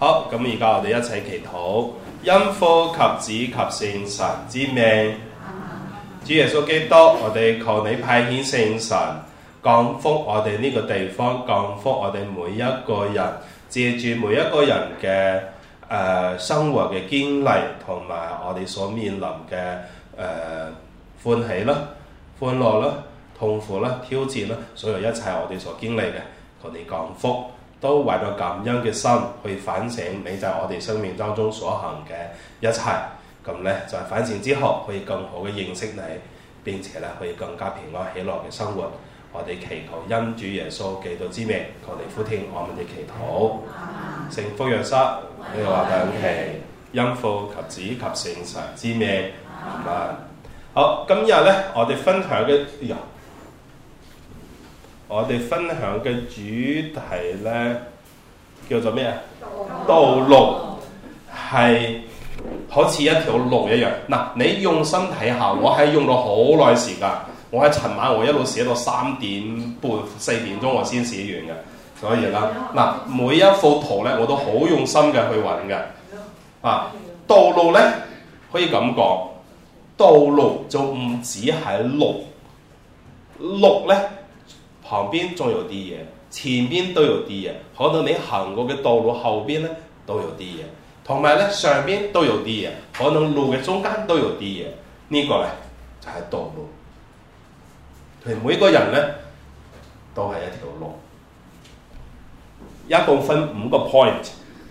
好，咁而家我哋一齊祈禱，因父及子及聖神之命，主耶穌基督，我哋求你派遣聖神降福我哋呢個地方，降福我哋每一個人，借住每一個人嘅誒、呃、生活嘅經歷，同埋我哋所面臨嘅誒、呃、歡喜啦、歡樂啦、痛苦啦、挑戰啦，所有一切我哋所經歷嘅，求你降福。都為咗感恩嘅心去反省你，就係我哋生命當中所行嘅一切，咁咧就係、是、反省之後，可以更好嘅認識你，並且咧可以更加平安喜樂嘅生活。我哋祈求因主耶穌基督之名。求你俯聽我們嘅祈禱。聖父、啊、耶穌、聖靈、啊，因、啊、父及子及聖神、神之名。啊啊、好，今日咧，我哋分享嘅我哋分享嘅主題呢，叫做咩啊？道路係好似一條路一樣。嗱，你用心睇下，我係用咗好耐時間。我喺尋晚我一路寫到三點半四點鐘，我先寫完嘅。所以啦，嗱，每一幅圖呢，我都好用心嘅去揾嘅。啊，道路呢，可以咁講，道路就唔止係路，路呢。旁邊仲有啲嘢，前邊都有啲嘢，可能你行過嘅道路後邊咧都有啲嘢，同埋咧上邊都有啲嘢，可能路嘅中間都有啲嘢。這個、呢個咧就係、是、道路，同每個人咧都係一條路。一共分五個 point，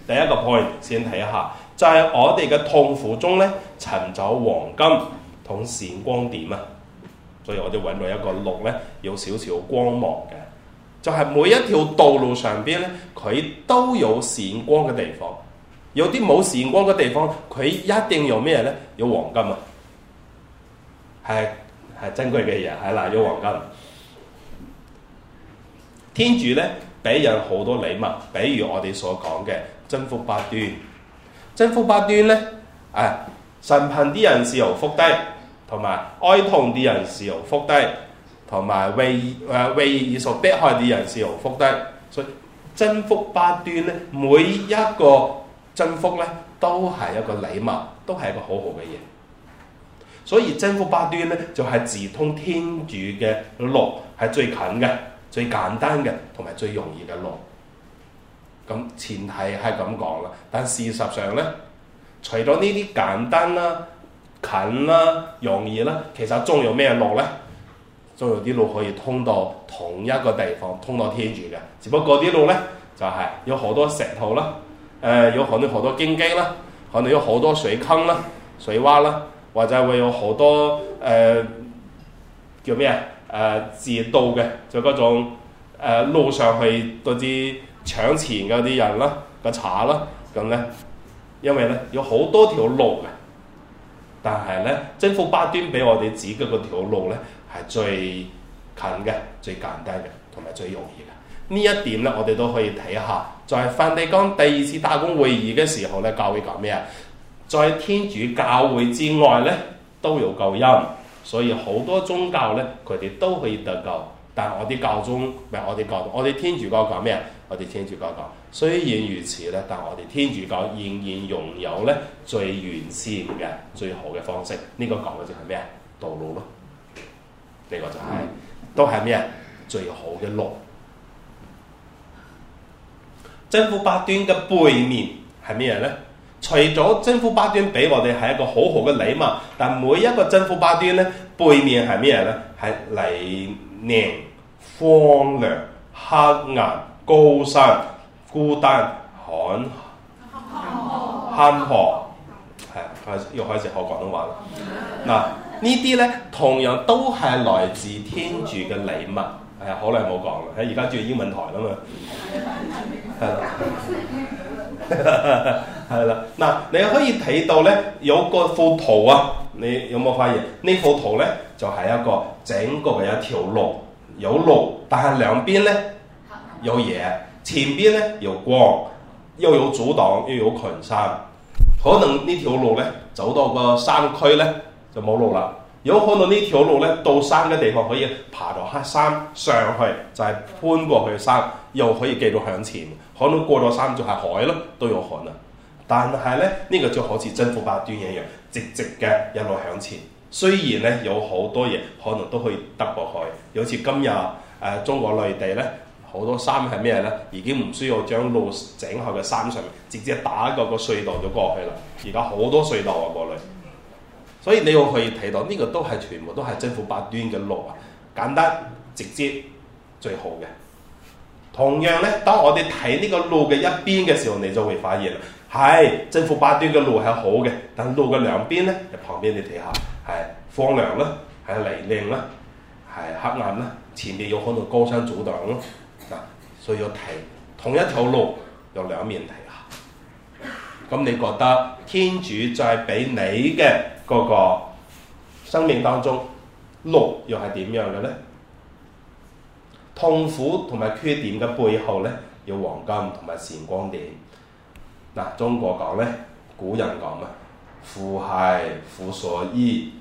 第一個 point 先睇下，就係、是、我哋嘅痛苦中咧尋找黃金同閃光點啊！所以我哋揾到一個綠咧，有少少光芒嘅，就係、是、每一條道路上邊咧，佢都有閃光嘅地方，有啲冇閃光嘅地方，佢一定有咩咧？有黃金啊，係係珍貴嘅嘢，係嗱，咗黃金。天主咧俾人好多禮物，比如我哋所講嘅真福八端，真福八端咧，啊，神貧啲人是有福的。同埋哀痛啲人士由福低，同埋為誒、呃、為所迫害啲人士由福低，所以真福八端咧，每一個真福咧都係一個禮物，都係一個好好嘅嘢。所以真福八端咧就係、是、自通天主嘅路係最近嘅、最簡單嘅同埋最容易嘅路。咁前提係咁講啦，但事實上咧，除咗呢啲簡單啦。近啦、啊，容易啦、啊。其實仲有咩路呢？仲有啲路可以通到同一個地方，通到天主嘅。只不過啲路呢，就係、是、有好多石頭啦，誒、呃、有可能好多荊棘啦，可能有好多水坑啦、水洼啦，或者會有好多誒、呃、叫咩啊誒自導嘅，就嗰種、呃、路上去嗰啲搶錢嗰啲人啦、個查啦咁呢，因為呢，有好多條路嘅。但係咧，政府八端俾我哋指嘅嗰條路咧，係最近嘅、最簡單嘅，同埋最容易嘅。呢一點咧，我哋都可以睇下。在梵蒂岡第二次大公會議嘅時候咧，教會講咩啊？在天主教會之外咧，都有救恩，所以好多宗教咧，佢哋都可以得救。但係我啲教宗唔係我哋教，我哋天主教講咩啊？我哋天主教講。雖然如此咧，但我哋天主教仍然擁有咧最完善嘅最好嘅方式。呢、這個講嘅就係咩啊？道路咯，呢、這個就係、是嗯、都係咩啊？最好嘅路。真福八端嘅背面係咩咧？除咗真福八端俾我哋係一個好好嘅禮物，但每一個真福八端咧背面係咩咧？係泥濘、荒涼、黑暗、高山。孤單，喊，喊破，係、哎、啊，又開始學廣東話啦。嗱、啊，呢啲咧同樣都係來自天主嘅禮物。係、哎、啊，好耐冇講啦，喺而家住英文台啦嘛。係啦、 哎，嗱，你可以睇到咧，有個幅圖啊，你有冇發現？呢幅圖咧就係、是、一個整個嘅一條路，有路，但係兩邊咧有嘢。前邊咧又光，又有阻擋，又有群山，可能條呢條路咧走到個山區咧就冇路啦。如果看到呢條路咧到山嘅地方可以爬落黑山上去，就係、是、攀過去山，又可以繼續向前。可能過咗山就係海咯，都有可能。但係咧呢、這個就好似征服八端一樣，直直嘅一路向前。雖然咧有好多嘢可能都可以突破去，好似今日誒、呃、中國內地咧。好多山係咩咧？已經唔需要將路整喺個山上面，直接打個個隧道就過去啦。而家好多隧道啊，過嚟。所以你會可以睇到呢、這個都係全部都係正負八端嘅路啊，簡單直接最好嘅。同樣咧，當我哋睇呢個路嘅一邊嘅時候，你就會發現啦，係正負八端嘅路係好嘅，但路嘅兩邊咧，旁邊你睇下，係荒涼啦，係泥濘啦，係黑暗啦，前面有可能高山阻擋咯。嗱，所以要睇同一條路有兩面睇啊！咁你覺得天主就係俾你嘅嗰個生命當中路又係點樣嘅咧？痛苦同埋缺點嘅背後咧，有黃金同埋閃光點。嗱、啊，中國講咧，古人講啊，禍係福所倚，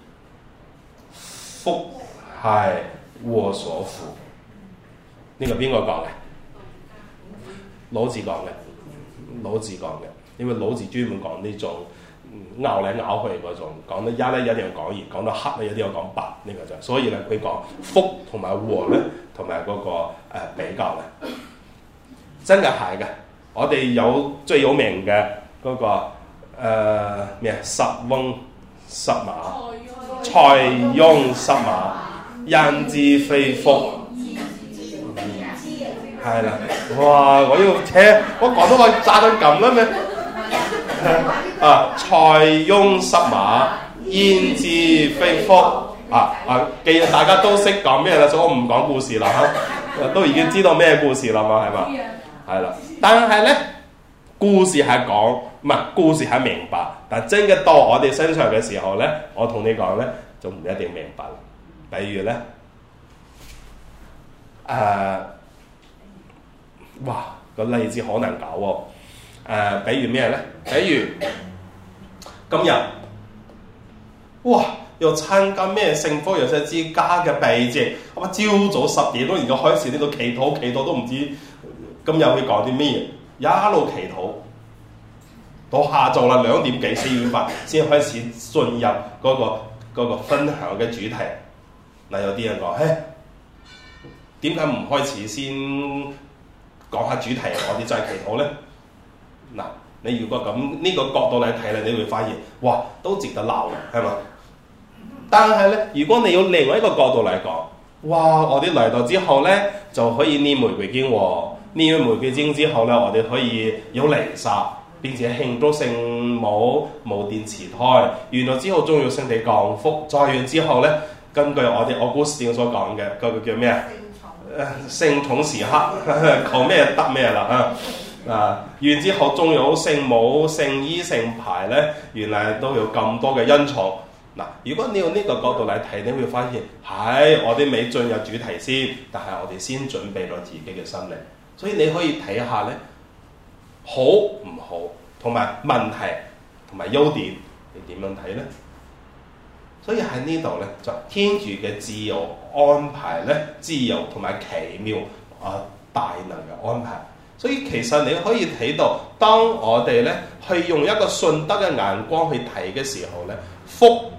福係禍所伏。呢個邊個講嘅？老子講嘅，老子講嘅，因為老子專門講呢種咬嚟咬去嗰種，講得一咧一定要講二，講到黑咧一定要講白，呢個就所以咧佢講福同埋和咧，同埋嗰個、呃、比較咧，真嘅係嘅。我哋有最有名嘅嗰、那個誒咩、呃？塞翁失馬，才翁失馬，焉知非福。係啦，哇！我要聽，我講到我炸到咁啦咩？ 啊，塞翁失馬， 焉知非福啊！啊，既然大家都識講咩啦，所以我唔講故事啦，啊、都已經知道咩故事啦嘛，係嘛？係啦，但係呢，故事係講，唔係故事係明白，但真嘅到我哋身上嘅時候呢，我同你講呢，就唔一定明白。比如呢。誒、啊。哇！個例子好難搞喎，啊呃，比如咩咧？比如今日，哇！又參加咩聖福若瑟之家嘅避靜，我朝早十點多已經開始呢度祈禱祈禱，都唔知今日會講啲咩，一路祈禱到下晝啦，兩點幾四點八先開始進入嗰個嗰個分享嘅主題。嗱，有啲人講，嘿，點解唔開始先？講下主題，我哋再幾好咧？嗱，你如果咁呢個角度嚟睇咧，你會發現，哇，都值得鬧，係嘛？但係咧，如果你有另外一個角度嚟講，哇，我哋嚟到之後咧，就可以念玫瑰經喎，念完玫瑰經之後咧，我哋可以有彌撒，並且慶祝聖母無玷始胎。完咗之後終於聖體降福，再完之後咧，根據我哋我奧思定所講嘅，嗰個叫咩啊？聖寵時刻，求咩得咩啦啊！啊，然之後仲有聖母、聖衣、聖牌咧，原來都有咁多嘅恩寵。嗱、啊，如果你用呢個角度嚟睇，你會發現喺我哋未進入主題先，但係我哋先準備咗自己嘅心理。所以你可以睇下咧，好唔好，同埋問題同埋優點，你點樣睇咧？所以喺呢度咧，就天主嘅自由安排咧，自由同埋奇妙啊大能嘅安排。所以其實你可以睇到，當我哋咧去用一個信德嘅眼光去睇嘅時候咧，福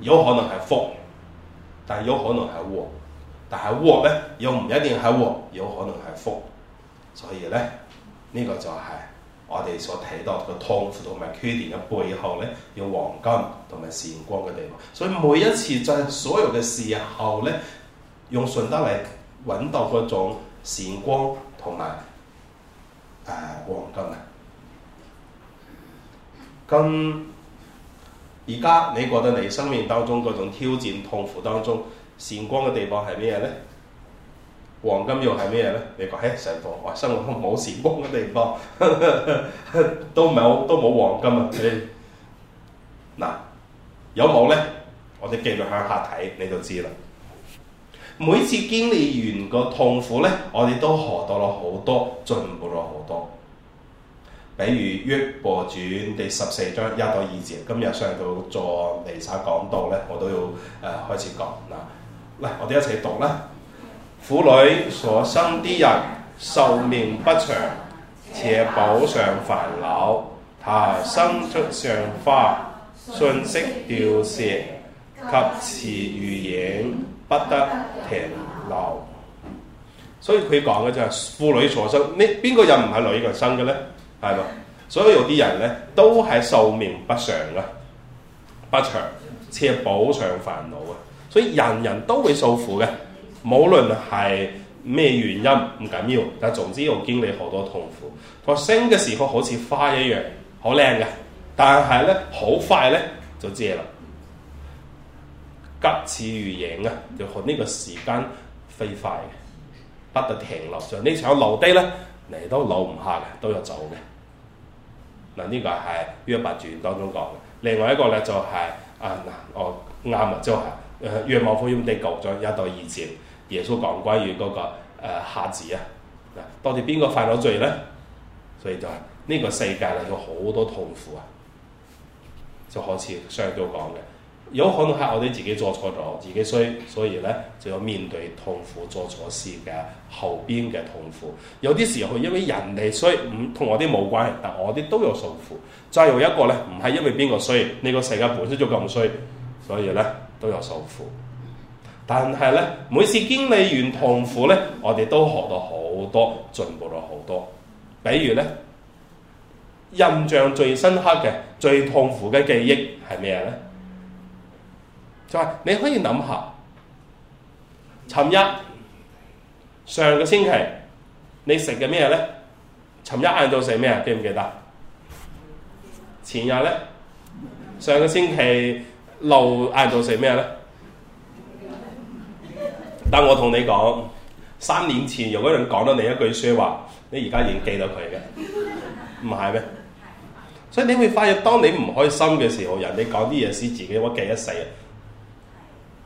有可能係福，但有可能係禍，但係禍咧又唔一定係禍，有可能係福。所以咧，呢、這個就係、是。我哋所睇到嘅痛苦同埋缺點嘅背後咧，有黃金同埋閃光嘅地方。所以每一次就係所有嘅時候咧，用順德嚟揾到嗰種閃光同埋誒黃金啊。咁而家你覺得你生命當中嗰種挑戰痛苦當中閃光嘅地方係咩咧？黃金又係咩咧？你講喺細部，哇！生活冇時光嘅地方， 都唔係好，都冇黃金啊！你嗱 有冇咧？我哋繼續向下睇，你都知啦。每次經歷完個痛苦咧，我哋都學到咗好多，進步咗好多。比如《約伯傳》第十四章一到二節，今日上到做彌撒講道咧，我都要誒、呃、開始講嗱。嚟，我哋一齊讀啦。婦女所生啲人壽命不長，且補上煩惱，下生出上花，瞬息掉石及時如影，不得停留。所以佢講嘅就係婦女所生，你邊個人唔係女人生嘅咧？係嘛？所以有啲人咧都係壽命不長嘅，不長且補上煩惱嘅，所以人人都會受苦嘅。無論係咩原因唔緊要，但係總之要經歷好多痛苦。我升嘅時候好似花一樣，好靚嘅，但係咧好快咧就謝啦。急似如影啊，就學呢個時間飛快嘅，不得停落上。場樓呢想留低咧，你都留唔下嘅，都要走嘅。嗱，呢個係《約伯傳》當中講嘅。另外一個咧就係、是、啊嗱，我啱啊，即係誒《若望福音》第九章一到二節。耶穌講關於嗰個誒、呃、瞎子啊，到底邊個犯咗罪咧？所以就係、是、呢、這個世界嚟到好多痛苦啊，就好似上都朝講嘅，有可能係我哋自己做錯咗，自己衰，所以咧就要面對痛苦，做錯事嘅後邊嘅痛苦。有啲時候因為人哋衰，唔同我哋冇關係，但我哋都有受苦。再有一個咧，唔係因為邊個衰，呢、這個世界本身就咁衰，所以咧都有受苦。但係咧，每次經歷完痛苦咧，我哋都學到好多，進步咗好多。比如咧，印象最深刻嘅、最痛苦嘅記憶係咩咧？就係、是、你可以諗下，尋日上個星期你食嘅咩咧？尋日晏晝食咩，記唔記得？前日咧，上個星期六晏晝食咩咧？但我同你講，三年前如果有個人講咗你一句説話，你而家已經記得佢嘅，唔係咩？所以你會發現，當你唔開心嘅時候，人哋講啲嘢是自己會記一世嘅。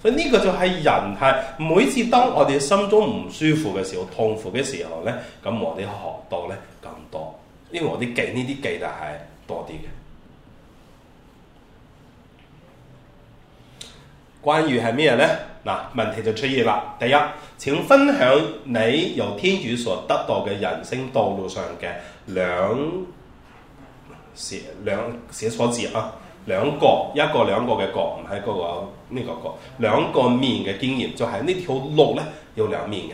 所以呢個就係人係每次當我哋心中唔舒服嘅時候、痛苦嘅時候咧，咁我哋學到咧咁多，因為我啲記呢啲記得係多啲嘅。關於係咩咧？嗱，問題就出現啦。第一，請分享你由天主所得到嘅人生道路上嘅兩寫兩寫錯字啊！兩個一個兩個嘅角，唔係嗰個呢、呢個角。兩個面嘅經驗，就係、是、呢條路咧要兩面嘅。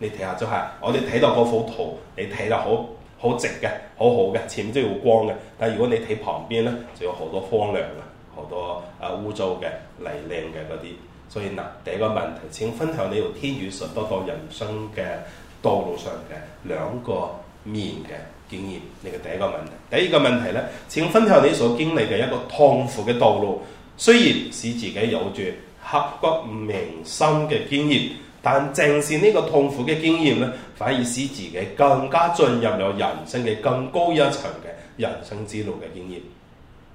你睇下就係、是、我哋睇到嗰幅圖，你睇得好好直嘅，好好嘅，前面都要光嘅。但如果你睇旁邊咧，就有好多荒涼嘅，好多啊污糟嘅泥濘嘅嗰啲。所以嗱，第一個問題，請分享你用天與神不助人生嘅道路上嘅兩個面嘅經驗。呢個第一個問題，第二個問題咧，請分享你所經歷嘅一個痛苦嘅道路。雖然使自己有住刻骨銘心嘅經驗，但正是呢個痛苦嘅經驗咧，反而使自己更加進入咗人生嘅更高一層嘅人生之路嘅經驗。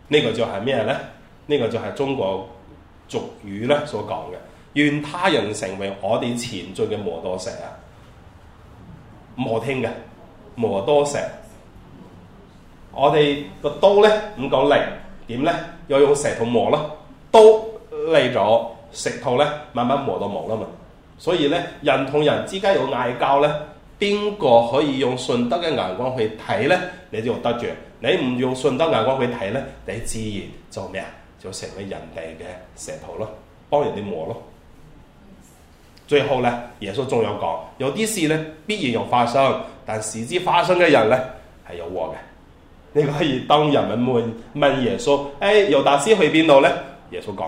呢個就係咩咧？呢個就係中國。俗語咧所講嘅，願他人成為我哋前進嘅磨刀石啊！磨聽嘅磨刀石，我哋個刀咧唔講力，點咧？要用石頭磨咯，刀嚟咗，石頭咧慢慢磨到磨啦嘛。所以咧，人同人之間有嗌交咧，邊個可以用信德嘅眼光去睇咧？你就得住。你唔用信德眼光去睇咧，你自然做咩啊？就成為人哋嘅石頭咯，幫人哋磨咯。最後咧，耶穌仲有講，有啲事咧必然要發生，但時之發生嘅人咧係有禍嘅。你可以當人們問問耶穌：，誒、哎，尤達斯去邊度咧？耶穌講：，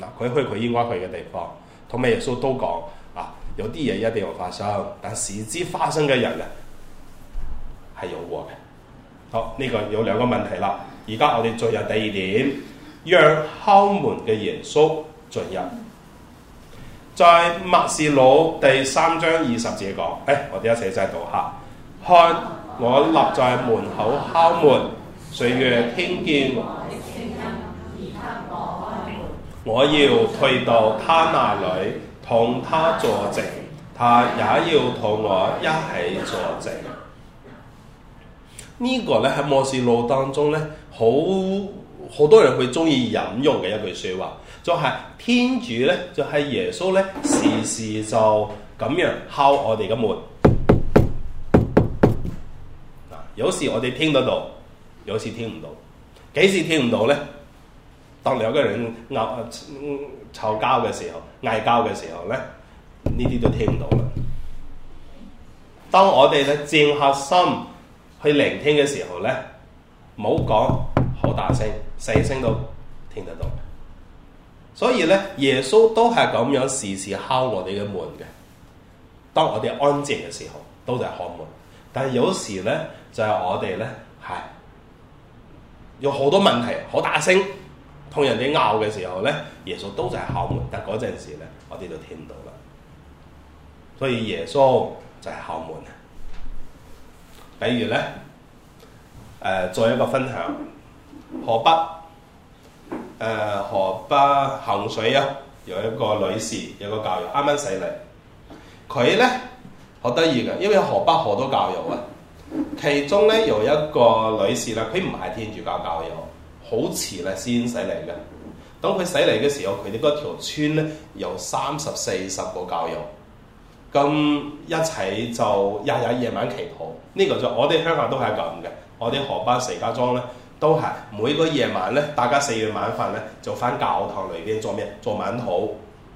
嗱，佢去佢應該去嘅地方。同埋耶穌都講：，啊，有啲嘢一定要發生，但時之發生嘅人咧係有禍嘅。好，呢、這個有兩個問題啦。而家我哋進入第二點。讓敲門嘅耶穌進入。在默示錄第三章二十節講，誒，我哋一齊就讀下。看我立在門口敲門，誰若聽見，我要退到他那裏同他坐席。他也要同我一起坐席。這個呢，呢個咧喺默示錄當中咧好。好多人會中意引用嘅一句說話，就係、是、天主咧，就係、是、耶穌咧，時時就咁樣敲我哋嘅門。啊，有時我哋聽得到，有時聽唔到，幾時聽唔到咧？當兩個人鬧、吵交嘅時候、嗌交嘅時候咧，呢啲都聽唔到啦。當我哋咧靜下心去聆聽嘅時候咧，唔好講。好大聲，細聲都聽得到。所以咧，耶穌都係咁樣時時敲我哋嘅門嘅。當我哋安靜嘅時候，都就係敲門。但係有時咧，就係我哋咧係有好多問題，好大聲同人哋拗嘅時候咧，耶穌都就係敲門。但嗰陣時咧，我哋就聽唔到啦。所以耶穌就係敲門。比如咧，誒、呃，做一個分享。河北，誒、呃、河北衡水啊，有一個女士，有個教友啱啱洗禮。佢咧好得意嘅，因為河北好多教友啊，其中咧有一個女士啦，佢唔係天主教教友，好遲咧先洗禮嘅，等佢洗禮嘅時候，佢哋嗰條村咧，有三十四十個教友。咁一齊就日日夜晚祈禱。呢、這個就是，我哋香港都係咁嘅，我哋河北石家莊咧。都係每個夜晚咧，大家四月晚飯咧就翻教堂裏邊做咩？做晚禱，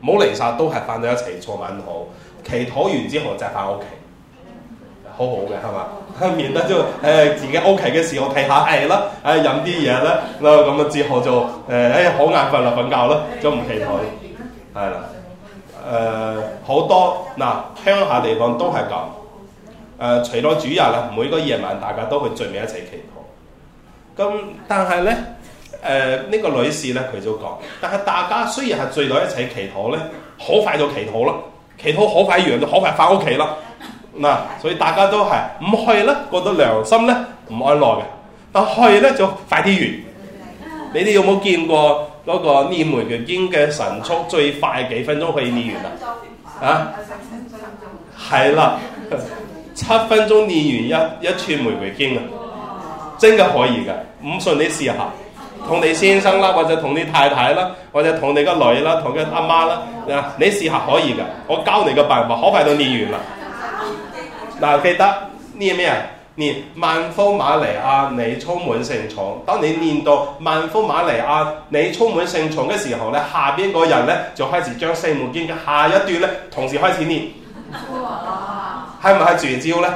冇嚟晒，都係翻到一齊做晚禱，祈禱完之後就翻屋企，好好嘅係嘛？免得就誒自己屋企嘅事我睇下係啦，誒飲啲嘢啦，咁、哎、樣之後就誒誒好眼瞓啦，瞓、哎、覺啦，就唔祈禱，係啦，誒、呃、好多嗱鄉下地方都係咁，誒、呃、除咗主日啦，每個夜晚大家都會聚埋一齊祈禱。咁、嗯、但係咧，誒、呃、呢、這個女士咧，佢就講，但係大家雖然係聚到一齊祈禱咧，好快就祈禱咯，祈禱好快完，快就好快翻屋企咯。嗱、啊，所以大家都係唔去咧，覺得良心咧唔安樂嘅，但去咧就快啲完。你哋有冇見過嗰個念玫瑰經嘅神速最快幾分鐘可以念完啊？嚇，係啦，七分鐘念完一一串玫瑰經啊！真嘅可以㗎，唔信你試下，同你先生啦，或者同你太太啦，或者同你個女啦，同佢阿媽啦，你試下可以㗎。我教你個辦法，好快就念完啦。嗱、 啊，記得念咩啊？念萬福瑪利亞，你充滿聖寵。當你念到萬福瑪利亞，你充滿聖寵嘅時候咧，下邊個人咧就開始將聖母經嘅下一段咧，同時開始念。哇！係咪係絕招咧？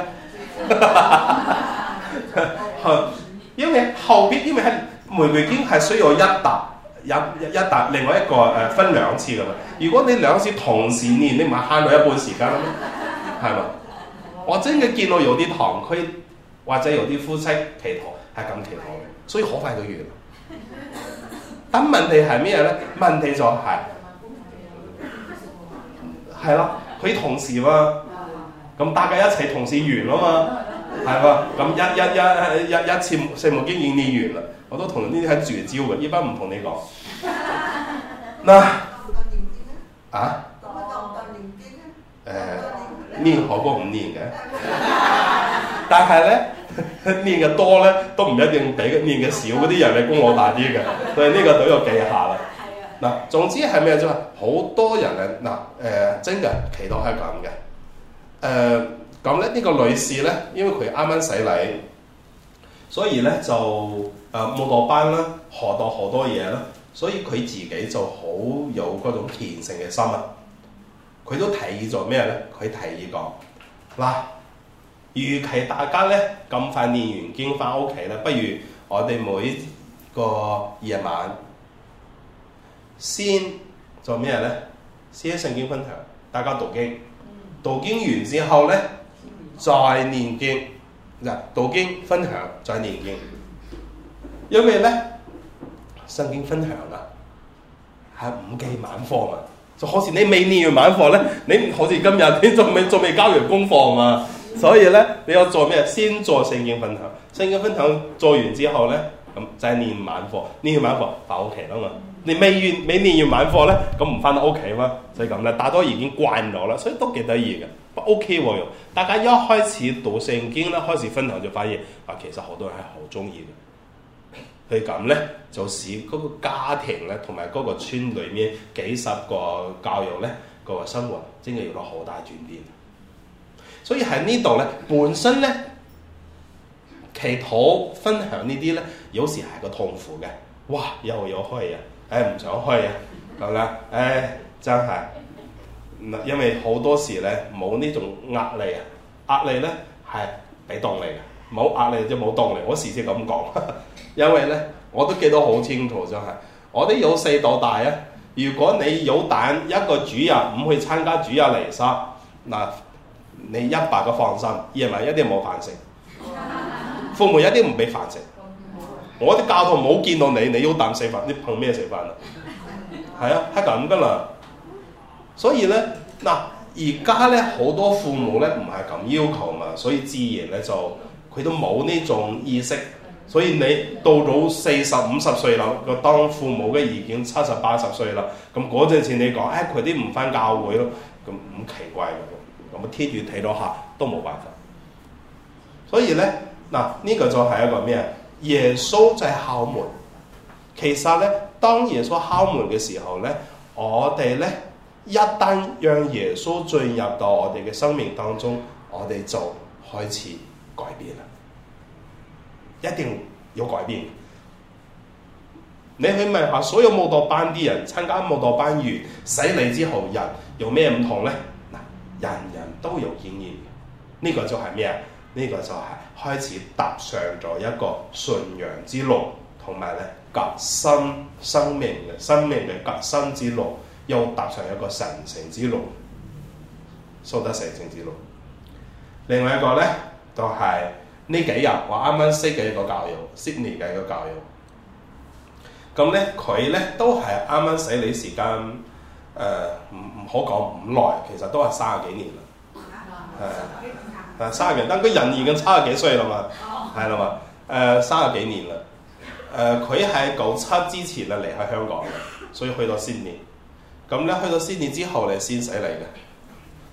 因為後邊，因為喺玫瑰經係需要一搭有一搭，另外一個誒、呃、分兩次噶嘛。如果你兩次同時念，你唔係慳到一半時間咩？係嘛？我真嘅見到有啲堂區或者有啲夫妻祈禱係咁祈禱，所以好快就完。但問題係咩咧？問題就係係咯，佢同時嘛，咁大家一齊同時完啦嘛。係喎，咁一一一一一千世冇經驗練完啦，我都同呢啲喺絕招嘅，依班唔同你講。嗱，啊？誒，練好過唔練嘅。但係咧，練嘅多咧，都唔一定比練嘅少嗰啲人嘅功我大啲嘅，所以呢個都有技巧啦。嗱，總之係咩啫？好多人嘅嗱，誒，真嘅，期待係咁嘅，誒。咁咧，呢個女士咧，因為佢啱啱洗禮，所以咧就誒冇落班啦，學到好多嘢啦，所以佢自己就好有嗰種虔誠嘅心啊！佢都提議咗咩咧？佢提議講嗱，與其大家咧咁快念完經翻屋企咧，不如我哋每個夜晚先做咩咧？先喺聖經分享，大家讀經，嗯、讀經完之後咧。再念經嗱，道經分享再念經，有咩咧？聖經分享啦，啊，係五記晚課啊！就好似你未念完晚課咧，你好似今日你仲未仲未交完功課嘛？所以咧，你要做咩？先做聖經分享，聖經分享做完之後咧，咁就係念晚課，念完晚課翻屋企啦嘛。你未完未念完晚課咧，咁唔翻到屋企嘛？就係咁啦，大多已經慣咗啦，所以都幾得意噶。OK 喎，大家一開始讀聖經咧，開始分享就發現，啊，其實好多人係好中意嘅。佢咁咧，就使嗰個家庭咧，同埋嗰個村裏面幾十個教育咧，個生活真係有咗好大轉變。所以喺呢度咧，本身咧，祈禱分享呢啲咧，有時係個痛苦嘅。哇，又有開啊，誒唔想開啊，咁啦，誒真係。因為好多時咧，冇呢種壓力啊，壓力咧係俾動力嘅，冇壓力即冇動力。我事先咁講，因為咧我都記得好清楚，就是，就係我哋有細到大啊。如果你有膽一個主日唔去參加主日禮生，嗱你一百個放心，因為一啲冇飯食。 父母一啲唔俾飯食，我啲教徒冇見到你，你有膽食飯，你憑咩食飯啊？係 啊，係咁噶啦。所以咧，嗱而家咧好多父母咧唔係咁要求嘛，所以自然咧就佢都冇呢種意識。所以你到到四十五十歲啦，個當父母嘅已經七十八十歲啦，咁嗰陣時你講誒佢啲唔翻教會咯，咁咁奇怪嘅噉，咁天主睇到下都冇辦法。所以咧，嗱呢個就係一個咩啊？耶穌就係敲門。其實咧，當耶穌敲門嘅時候咧，我哋咧。一旦讓耶穌進入到我哋嘅生命當中，我哋就開始改變啦，一定要改變。你去問下所有慕道班啲人，參加慕道班完洗禮之後，人有咩唔同咧？嗱，人人都有經驗，呢個就係咩啊？呢個就係開始踏上咗一個信仰之路，同埋咧革新生命嘅生命嘅革新之路。又踏上一個神聖之路，蘇德神聖之路。另外一個咧，就係呢幾日我啱啱識嘅一個教友，Sydney 嘅一個教友。咁咧，佢咧都係啱啱悉尼時間，誒，唔唔好講唔耐，其實都係三十幾年啦。誒，但係三十幾，但佢人已經三十幾歲啦嘛，係啦嘛，誒、 呃、三十幾年啦。誒、呃，佢喺九七之前啊離開香港嘅，所以去到 Sydney。咁咧去到先年之後你先使嚟嘅，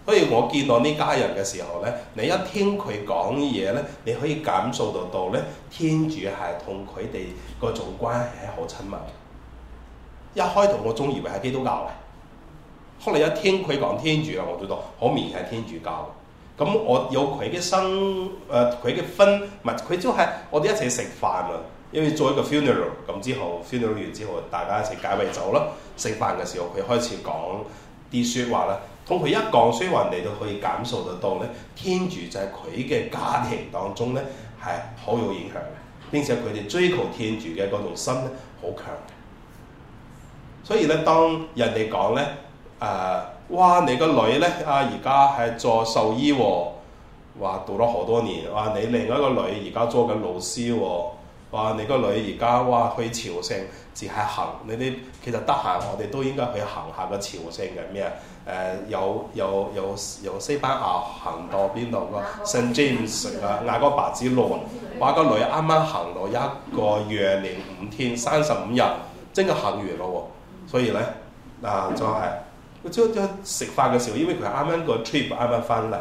所以我見到呢家人嘅時候咧，你一聽佢講嘢咧，你可以感受到到咧，天主係同佢哋嗰種關係係好親密嘅。一開頭我仲以為係基督教嘅，後嚟一聽佢講天主啊，我覺得好明顯係天主教。咁我有佢嘅生誒，佢嘅婚，唔係佢就係我哋一齊食飯咯。因為做一個 funeral 咁之後，funeral 完之後，大家一齊解圍走啦。食飯嘅時候，佢開始講啲説話啦。同佢一講説話你都可以感受得到咧，天主就係佢嘅家庭當中咧係好有影響嘅。並且佢哋追求天主嘅嗰條心咧好強嘅。所以咧，當人哋講咧，誒、呃，哇！你個女咧啊，而家係做獸醫喎、哦，話讀咗好多年。哇、啊！你另外一個女而家做緊老師喎、哦。哇！你個女而家話去朝聖，淨係行你啲。其實得閒我哋都應該去行下個朝聖嘅咩啊？誒、呃、有有有由西班牙行到邊度個 Saint James 啊，亞哥白之路。哇！個女啱啱行到一個月零五天三十五日，真係行完咯喎。所以咧嗱、啊、就係，即即食飯嘅時候，因為佢啱啱個 trip 啱啱翻嚟，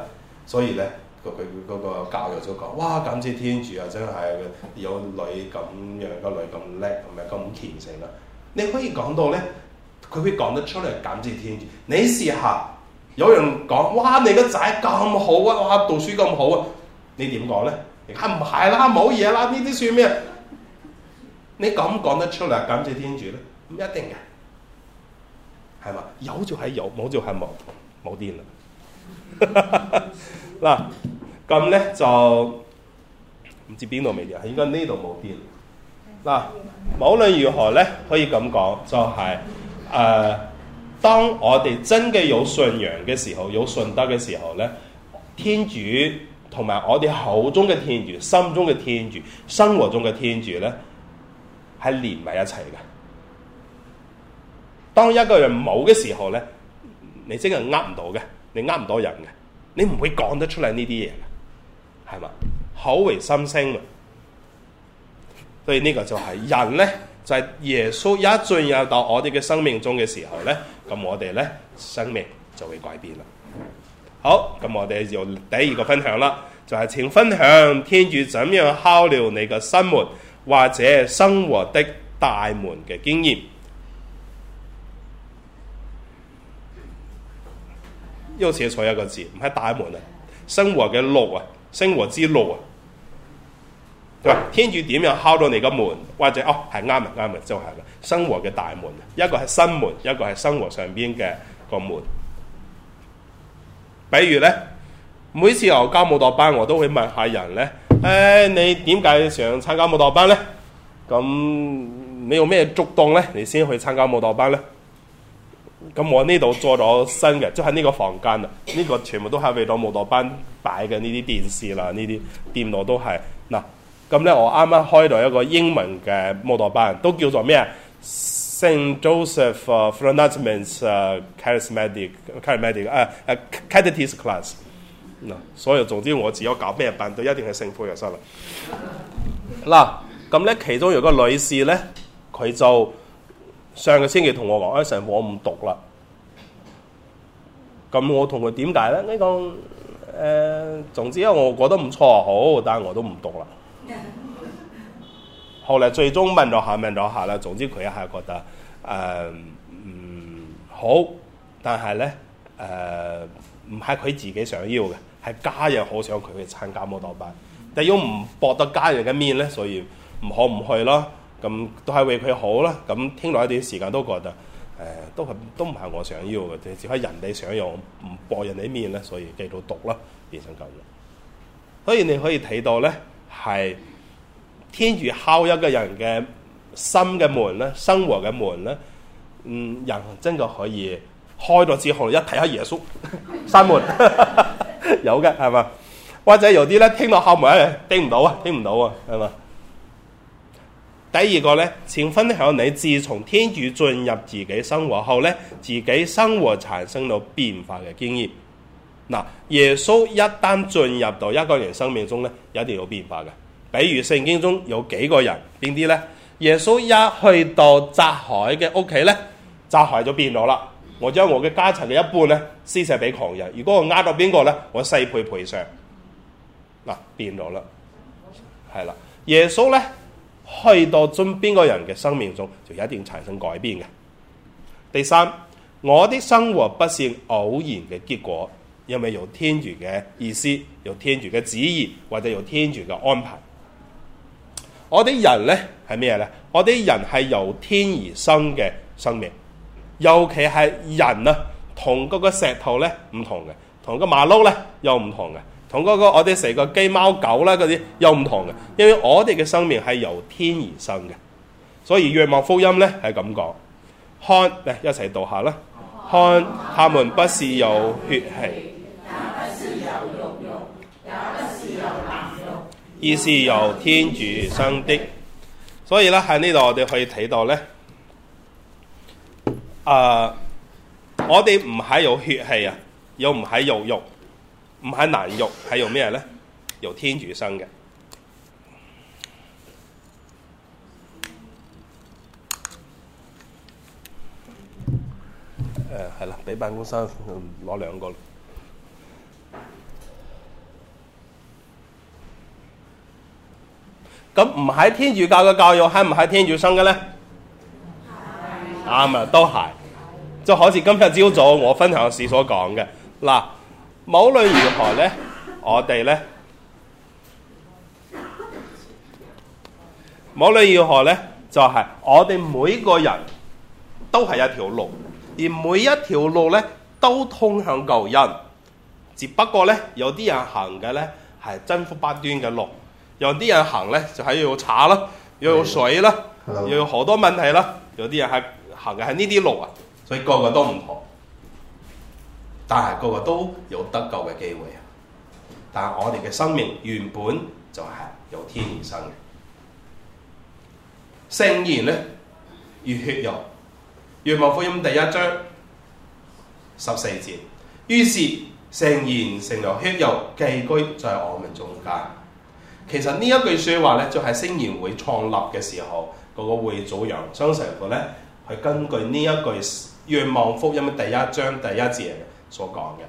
所以咧。佢佢 個教育組講，哇！感謝天主啊，真係有女咁樣，個女咁叻，係咪？咁虔誠啦。你可以講到咧，佢會講得出嚟，感謝天主。你試下有人講，哇！你個仔咁好啊，哇！讀書咁好啊，你點講咧？係唔係啦？冇嘢，啦，呢啲算咩？你咁講得出嚟，感謝天主咧？唔一定嘅，係嘛？有就係有，冇就係冇，冇啲啦。嗱。 咁咧就唔知邊度未變，應該呢度冇變。嗱，無論如何咧，可以咁講，就係、是、誒、呃，當我哋真嘅有信仰嘅時候，有信德嘅時候咧，天主同埋我哋口中嘅天主、心中嘅天主、生活中嘅天主咧，係連埋一齊嘅。當一個人冇嘅時候咧，你真係呃唔到嘅，你呃唔到人嘅，你唔會講得出嚟，呢啲嘢。係嘛，口為心聲嘛，所以呢個就係人咧，就係、是、耶穌一進入到我哋嘅生命中嘅時候咧，咁我哋咧生命就會改變啦。好，咁我哋又第二個分享啦，就係、是、請分享天主怎樣敲了你嘅心門或者生活的大門嘅經驗。又寫錯一個字，唔係大門啊，生活嘅路啊。生活之路啊，天主點樣敲到你個門，或者哦係啱啊啱啊，就係、是、啦。生活嘅大門，一個係新門，一個係生活上邊嘅個門。比如咧，每次我教舞蹈班，我都會問下人咧，誒、哎，你點解想參加舞蹈班咧？咁你有咩觸動咧？你先去參加舞蹈班咧？咁我呢度做咗新嘅，即係呢個房間啦，呢、這個全部都係為咗舞蹈班擺嘅呢啲電視啦，電腦呢啲店度都係嗱。咁咧，我啱啱開咗一個英文嘅舞蹈班，都叫做咩啊？Saint Joseph、uh, Freinademetz's、uh, Charismatic、uh, Charismatic、uh, uh, Cadets Class。嗱，所以總之我自己搞咩班，都一定係聖福若瑟啦。嗱，咁咧 其中有一個女士咧，佢就。上個星期同我講，阿、哎、神父我唔讀啦。咁我同佢點解咧？呢、呢個誒、呃，總之因為我覺得唔錯，好，但係我都唔讀啦。 後嚟最終問咗下，問咗下啦。總之佢係覺得誒唔、呃嗯、好，但係咧誒唔係佢自己想要嘅，係家人好想佢去參加慕道班。嗯、但要唔博得家人嘅面咧，所以唔好唔去咯。咁、嗯、都係為佢好啦。咁、嗯、聽落一段時間都覺得，誒、呃，都係都唔係我想要嘅，就只係人哋想用，唔駁人哋面咧，所以繼續讀啦，變成教育。所以你可以睇到咧，係天如敲一個人嘅心嘅門咧，生活嘅門咧，嗯，人真嘅可以開到之後一睇下耶穌，閂 山門， 有嘅係嘛，或者有啲咧聽落敲門聽唔到啊，聽唔到啊，係嘛。第二個咧，請分享你自從天主進入自己生活後咧，自己生活產生到變化嘅經驗。嗱，耶穌一旦進入到一個人生命中咧，一定有變化嘅。比如聖經中有幾個人邊啲咧？耶穌一去到匝凱嘅屋企咧，匝凱就變咗啦。我將我嘅家產嘅一半咧施捨俾窮人。如果我呃到邊個咧，我四倍賠償。嗱，變咗啦，係啦，耶穌咧。去到身邊個人嘅生命中，就一定產生改變嘅。第三，我啲生活不是偶然嘅結果，因為有天主嘅意思，有天主嘅旨意，或者有天主嘅安排。我啲人呢係咩呢？我啲人係由天而生嘅生命，尤其係人啊，同嗰個石頭呢唔同嘅，個同個馬騮呢又唔同嘅。同嗰，那個我哋成個雞貓、貓、狗啦嗰啲又唔同嘅，因為我哋嘅生命係由天而生嘅，所以《若望福音》咧係咁講，看，嚟一齊讀一下啦，看，他們不是有血氣，也不是有肉肉，也不是有骨肉，而是由天主生的。所以咧喺呢度我哋可以睇到咧，啊、呃，我哋唔係有血氣啊，又唔係有肉。唔係難育，係用咩咧？由天主生嘅。誒、呃，係啦，俾辦公室攞兩、嗯、個。咁唔係天主教嘅教育，係唔係天主生嘅咧？啱啊的，都係。就好似今日朝早我分享時所講嘅嗱。無論如何咧，我哋咧，無論如何咧，就係、是、我哋每個人都係一條路，而每一條路咧都通向救恩。只不過咧有啲人行嘅咧係真福八端嘅路，有啲人行咧就係要茶啦，要水啦，要好多問題啦，有啲人係行嘅係呢啲路啊，所以個個都唔同。但係個個都有得救嘅機會。但係我哋嘅生命原本就係由天而生嘅。聖言呢，如血肉，若望福音第一章十四節。於是聖言成了血肉，寄居在我們中間。其實呢一句説話呢，就係、是、聖言會創立嘅時候嗰個會祖人將成個呢，係根據呢一句若望福音嘅第一章第一節嚟所講嘅，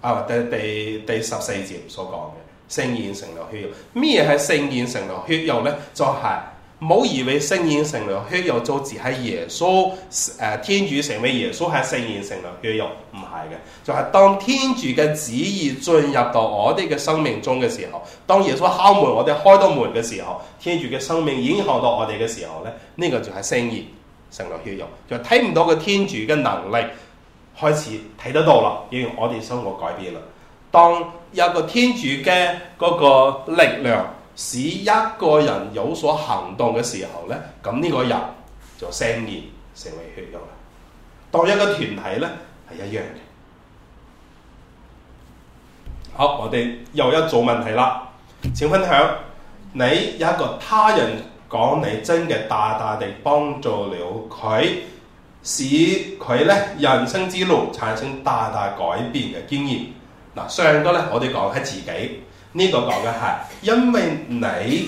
啊、哦、第第第十四節所講嘅聖言成了血肉，咩係聖言成了血肉咧？就係唔好以為聖言成了血肉就指係耶穌誒、呃、天主成為耶穌係聖言成了血肉，唔係嘅，就係、是、當天主嘅旨意進入到我哋嘅生命中嘅時候，當耶穌敲門我哋開到門嘅時候，天主嘅生命影響到我哋嘅時候咧，呢、這個就係聖言成了血肉，就睇、是、唔到個天主嘅能力。開始睇得到啦，已經我哋生活改變啦。當一個天主嘅嗰個力量使一個人有所行動嘅時候咧，咁、這、呢個人就聖言成為血肉啦。當一個團體咧係一樣嘅。好，我哋又一組問題啦。請分享你有一個他人講你真嘅大大地幫助了佢。使佢咧人生之路產生大大改變嘅經驗。嗱，上個咧我哋講係自己，呢個講嘅係因為你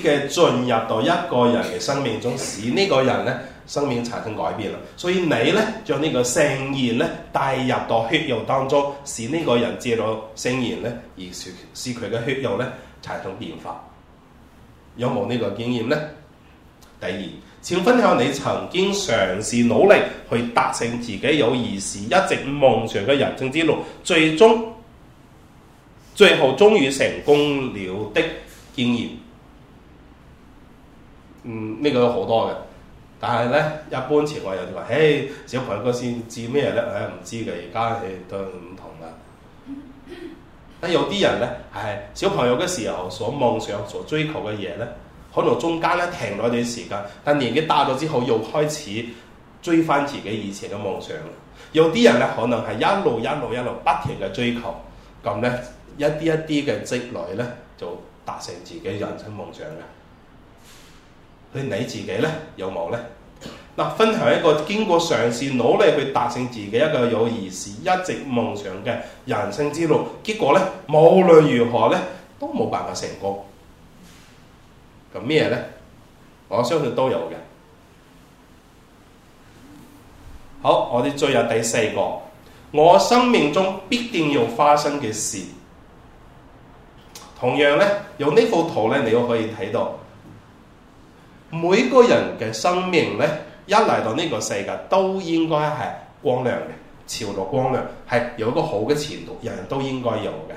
嘅進入到一個人嘅生命中，使呢個人咧生命產生改變啦。所以你咧將呢個聖言咧帶入到血肉當中，使呢個人借到聖言咧而使佢嘅血肉咧產生變化。有冇呢個經驗咧？第二。請分享你曾經嘗試努力去達成自己有意時一直夢想嘅人生之路，最終最後終於成功了的經驗。嗯，呢、這個都好多嘅，但係咧一般情況有人話，誒，小朋友嘅先知咩咧？誒、哎、唔知嘅，而家係都唔同啦。但有啲人咧係、哎、小朋友嘅時候所夢想、所追求嘅嘢咧。可能中間咧停咗一段時間，但年紀大咗之後又開始追翻自己以前嘅夢想。有啲人咧可能係一路一路一路不停嘅追求，咁咧一啲一啲嘅積累咧就達成自己人生夢想嘅。咁你自己咧有冇咧？嗱，分享一個經過嘗試努力去達成自己一個有兒時一直夢想嘅人生之路，結果咧無論如何咧都冇辦法成功。咁咩咧？我相信都有嘅。好，我哋追入第四個，我生命中必定要發生嘅事。同樣咧，用呢幅圖咧，你都可以睇到每個人嘅生命咧，一嚟到呢個世界都應該係光亮嘅，朝露光亮，係有一個好嘅前途，人人都應該有嘅。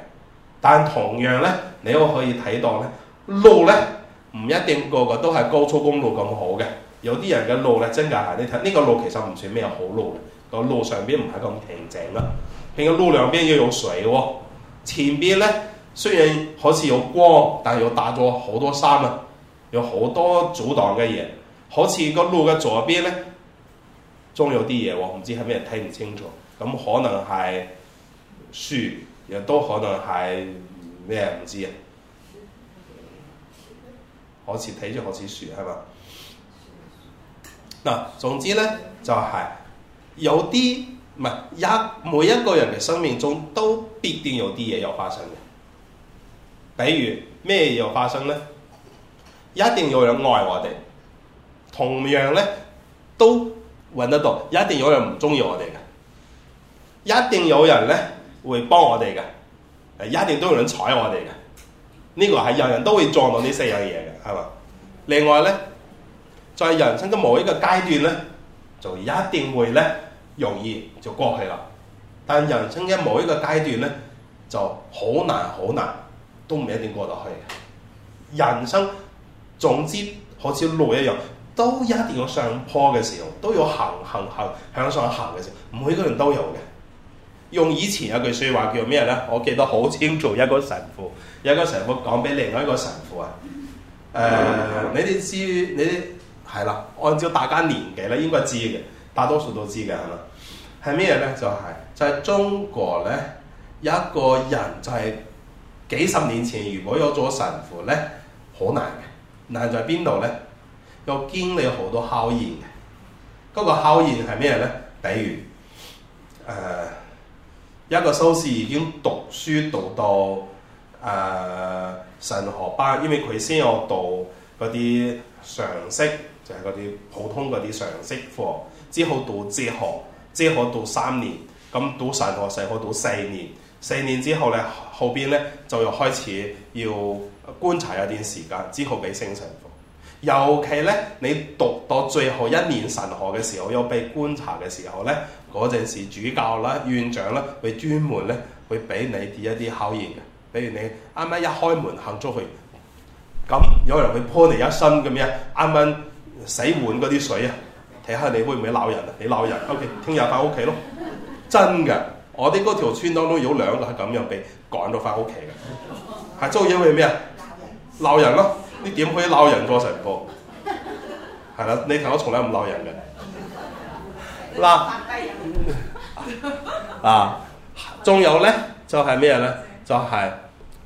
但同樣咧，你都可以睇到咧，路咧。唔一定個個都係高速公路咁好嘅，有啲人嘅路咧真嘅，睇你睇呢、呢個路其實唔算咩好路，個路上邊唔係咁平整啦、啊。佢個路兩邊要有水喎、啊，前邊咧雖然好似有光，但又打咗好多山啊，有好多阻擋嘅嘢。好似個路嘅左邊咧，仲有啲嘢喎，唔知係咩，睇唔清楚，咁可能係樹，亦都可能係咩唔知啊。好似睇住好似樹，係嘛？嗱，總之咧就係、是，有啲唔係一每一個人嘅生命中都必定有啲嘢有發生嘅。比如咩嘢有發生咧？一定有人愛我哋，同樣咧都揾得到。一定有人唔中意我哋嘅，一定有人咧會幫我哋嘅，誒一定都有人睬我哋嘅。呢個係有人都會撞到呢四樣嘢嘅。係嘛？另外咧，在人生嘅某一個階段咧，就一定會咧容易就過去啦。但人生嘅某一個階段咧，就好難好難，都唔一定過得去。人生總之好似路一樣，都一定要上坡嘅時候，都要行行行向上行嘅時候，每個人都有嘅。用以前有句說話叫咩咧？我記得好清楚，一個神父，有一個神父講俾另外一個神父啊。誒、嗯嗯嗯嗯嗯，你哋知你哋係啦，按照大家年紀咧，應該知嘅，大多數都知嘅係嘛？係咩咧？就係、是、就係、是、中國咧，一個人就係幾十年前如果有咗神父咧，好難嘅，難在邊度咧？又經歷好多考驗嘅。嗰、那個考驗係咩咧？比如誒、呃，一個修士已經讀書讀到誒。呃神學班，因為佢先有讀嗰啲常識，就係嗰啲普通嗰啲常識課，之後讀哲學，之後讀三年，咁讀神學，細學讀四年，四年之後咧，後邊咧就又開始要觀察一段時間，之後俾升神父。尤其咧，你讀到最後一年神學嘅時候，又被觀察嘅時候咧，嗰陣時主教啦、院長啦，會專門咧會俾你啲一啲考驗嘅。比如你啱啱一開門行出去，咁有人會潑你一身咁樣，啱啱洗碗嗰啲水啊，睇下你會唔會鬧人啊？你鬧人，OK，聽日翻屋企咯。真嘅，我哋嗰條村當中有兩個係咁樣被趕咗翻屋企嘅，係 因為咩啊？鬧人咯，你點可以鬧人個成個？係啦，你睇我從來唔鬧人嘅。嗱， 啊，仲、啊、有咧就係咩咧？就係、是。就是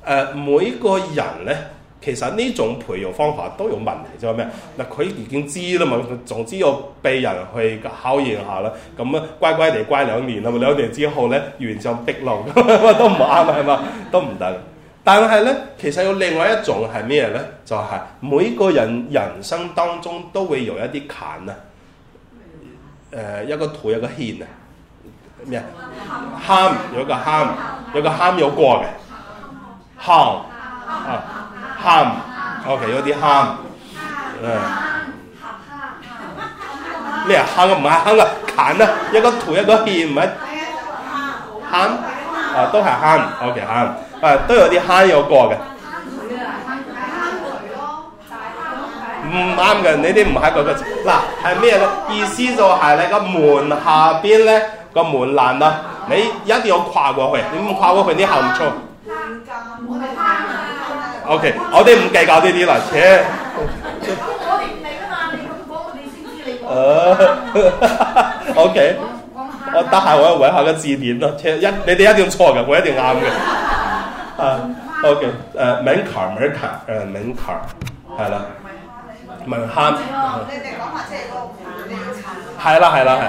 誒、呃、每個人咧，其實呢種培育方法都有問題，就係咩？嗱， 佢已經知啦嘛。總之要被人去考驗下啦，咁啊乖乖地乖兩年啦，兩年之後咧原形畢露。咁 都唔啱係嘛，都唔得。但係咧，其實有另外一種係咩咧？就係、是、每個人人生當中都會有一啲坎啊，誒、呃、一個土一個欠啊，咩啊坎有個坎 有個坎有，個有，個有個過嘅。鹹，啊鹹，OK，有啲鹹，誒，咩鹹唔係鹹啊，鹹啊，一個土一個片唔係，鹹，啊都係鹹，OK，鹹，誒都有啲鹹有過嘅。唔啱嘅，你啲唔喺嗰個，嗱係咩咧？意思就係你個門下邊咧個門欄啦，你一定要跨過去，你唔跨過去你行唔出。O、okay. K，、啊、我哋唔計較呢啲啦，切、啊 okay. 啊。我哋唔嚟噶嘛？你先知你講。O、啊、K，我得閒我要揾下個字典咯。切一，你哋一定錯嘅，我一定啱嘅、yeah. okay. uh,。啊，O K，誒門坎門坎誒門坎，係啦，門閂。你係嗰係啦係啦係。嗰、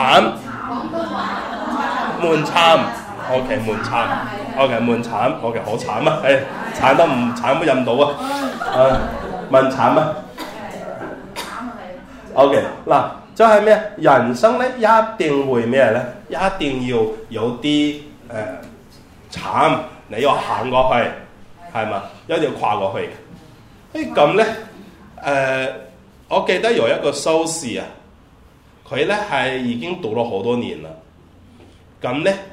uh, 嗯、個咧我嘅、okay, 悶慘，我、okay, 嘅悶慘，我、okay, k、okay, okay, 好慘啊！誒、哎，慘得唔慘都忍唔到啊！啊，悶慘啊！O K，嗱，就係咩？人生咧，一定會咩咧？一定要有啲誒慘，你要行過去，係嘛？一定要跨過去。誒咁咧，誒、呃，我記得有一個修士啊，佢咧係已經讀咗好多年啦。咁咧？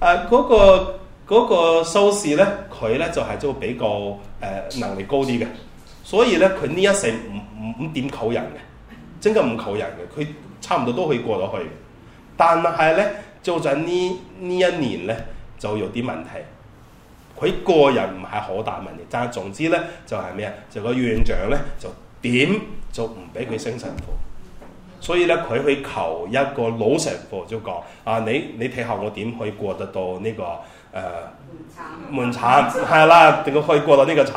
誒嗰、呃那個嗰、那個修士咧，佢咧就係、是、都比較誒、呃、能力高啲嘅，所以咧佢呢一世唔唔點求人嘅，真係唔求人嘅，佢差唔多都可以過到去。但係咧做在呢呢一年咧就有啲問題，佢個人唔係好大問題，但係總之咧就係咩啊？就個院長咧就點就唔俾佢升神父。所以咧，佢去求一個老神父，就講啊，你你睇下我點可以過得到呢、那個誒、呃、門禪門慘係啦，定解可以過到呢個慘？誒、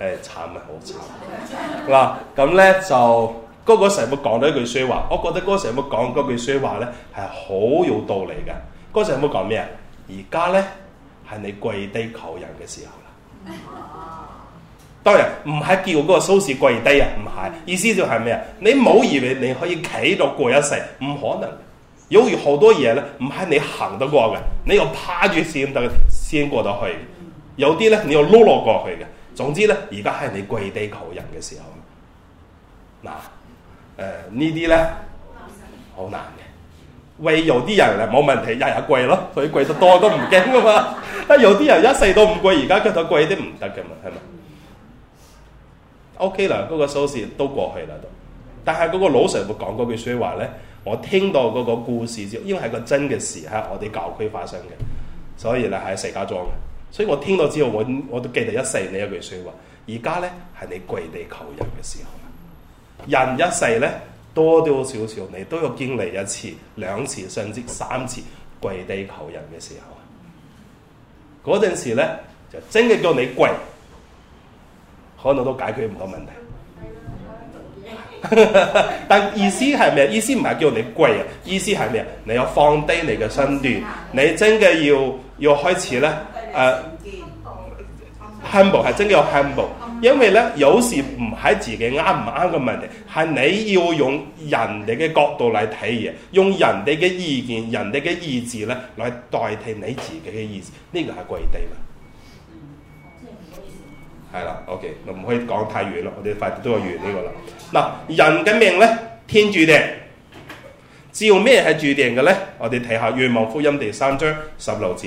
哎，慘 啊，好慘！嗱，咁咧就哥哥成日冇講到一句説話，我覺得哥哥成日冇講嗰句説話咧係好有道理嘅。哥哥成日冇講咩？而家咧係你跪低求人嘅時候啦。 當然唔係叫個蘇士跪低啊，唔係，意思就係咩啊？你冇以為你可以企到過一世，唔可能。有如好多嘢咧，唔係你行得過嘅，你又趴住先得，先過得去。有啲咧，你又碌落過去嘅。總之咧，而家係你跪地求人嘅時候。嗱、呃，誒、呃、呢啲咧，好難嘅。喂有啲人咧冇問題，日日跪咯，所以跪得多都唔驚噶嘛。有啲人一世都唔跪，而家佢就跪啲唔得嘅嘛，係咪？O K 啦，嗰、okay 那個收視都過去啦，都。但係嗰個老神父講句説話咧，我聽到嗰個故事之後，因為係個真嘅事，喺我哋教區發生嘅，所以咧喺石家莊嘅。所以我聽到之後，我我都記得一世你一句説話。而家咧係你跪地求人嘅時候，人一世咧多多少少你都要經歷一次、兩次甚至三次跪地求人嘅時候。嗰陣時咧就真係叫你跪。可能都解決唔到問題， 但意思係咩？意思唔係叫你跪啊！意思係咩？你要放低你嘅身段，你真嘅要要開始咧。誒、呃嗯、humble 係真嘅有 humble，嗯、因為咧有時唔係自己啱唔啱嘅問題，係你要用人哋嘅角度嚟睇嘢，用人哋嘅意見、人哋嘅意志咧，嚟代替你自己嘅意思。呢、呢個係跪地嘛。係啦，OK，我唔可以講太遠咯，我哋快都到完呢個啦。嗱，人嘅命咧，天注定。照咩係注定嘅咧？我哋睇下《若望福音》第三章十六節，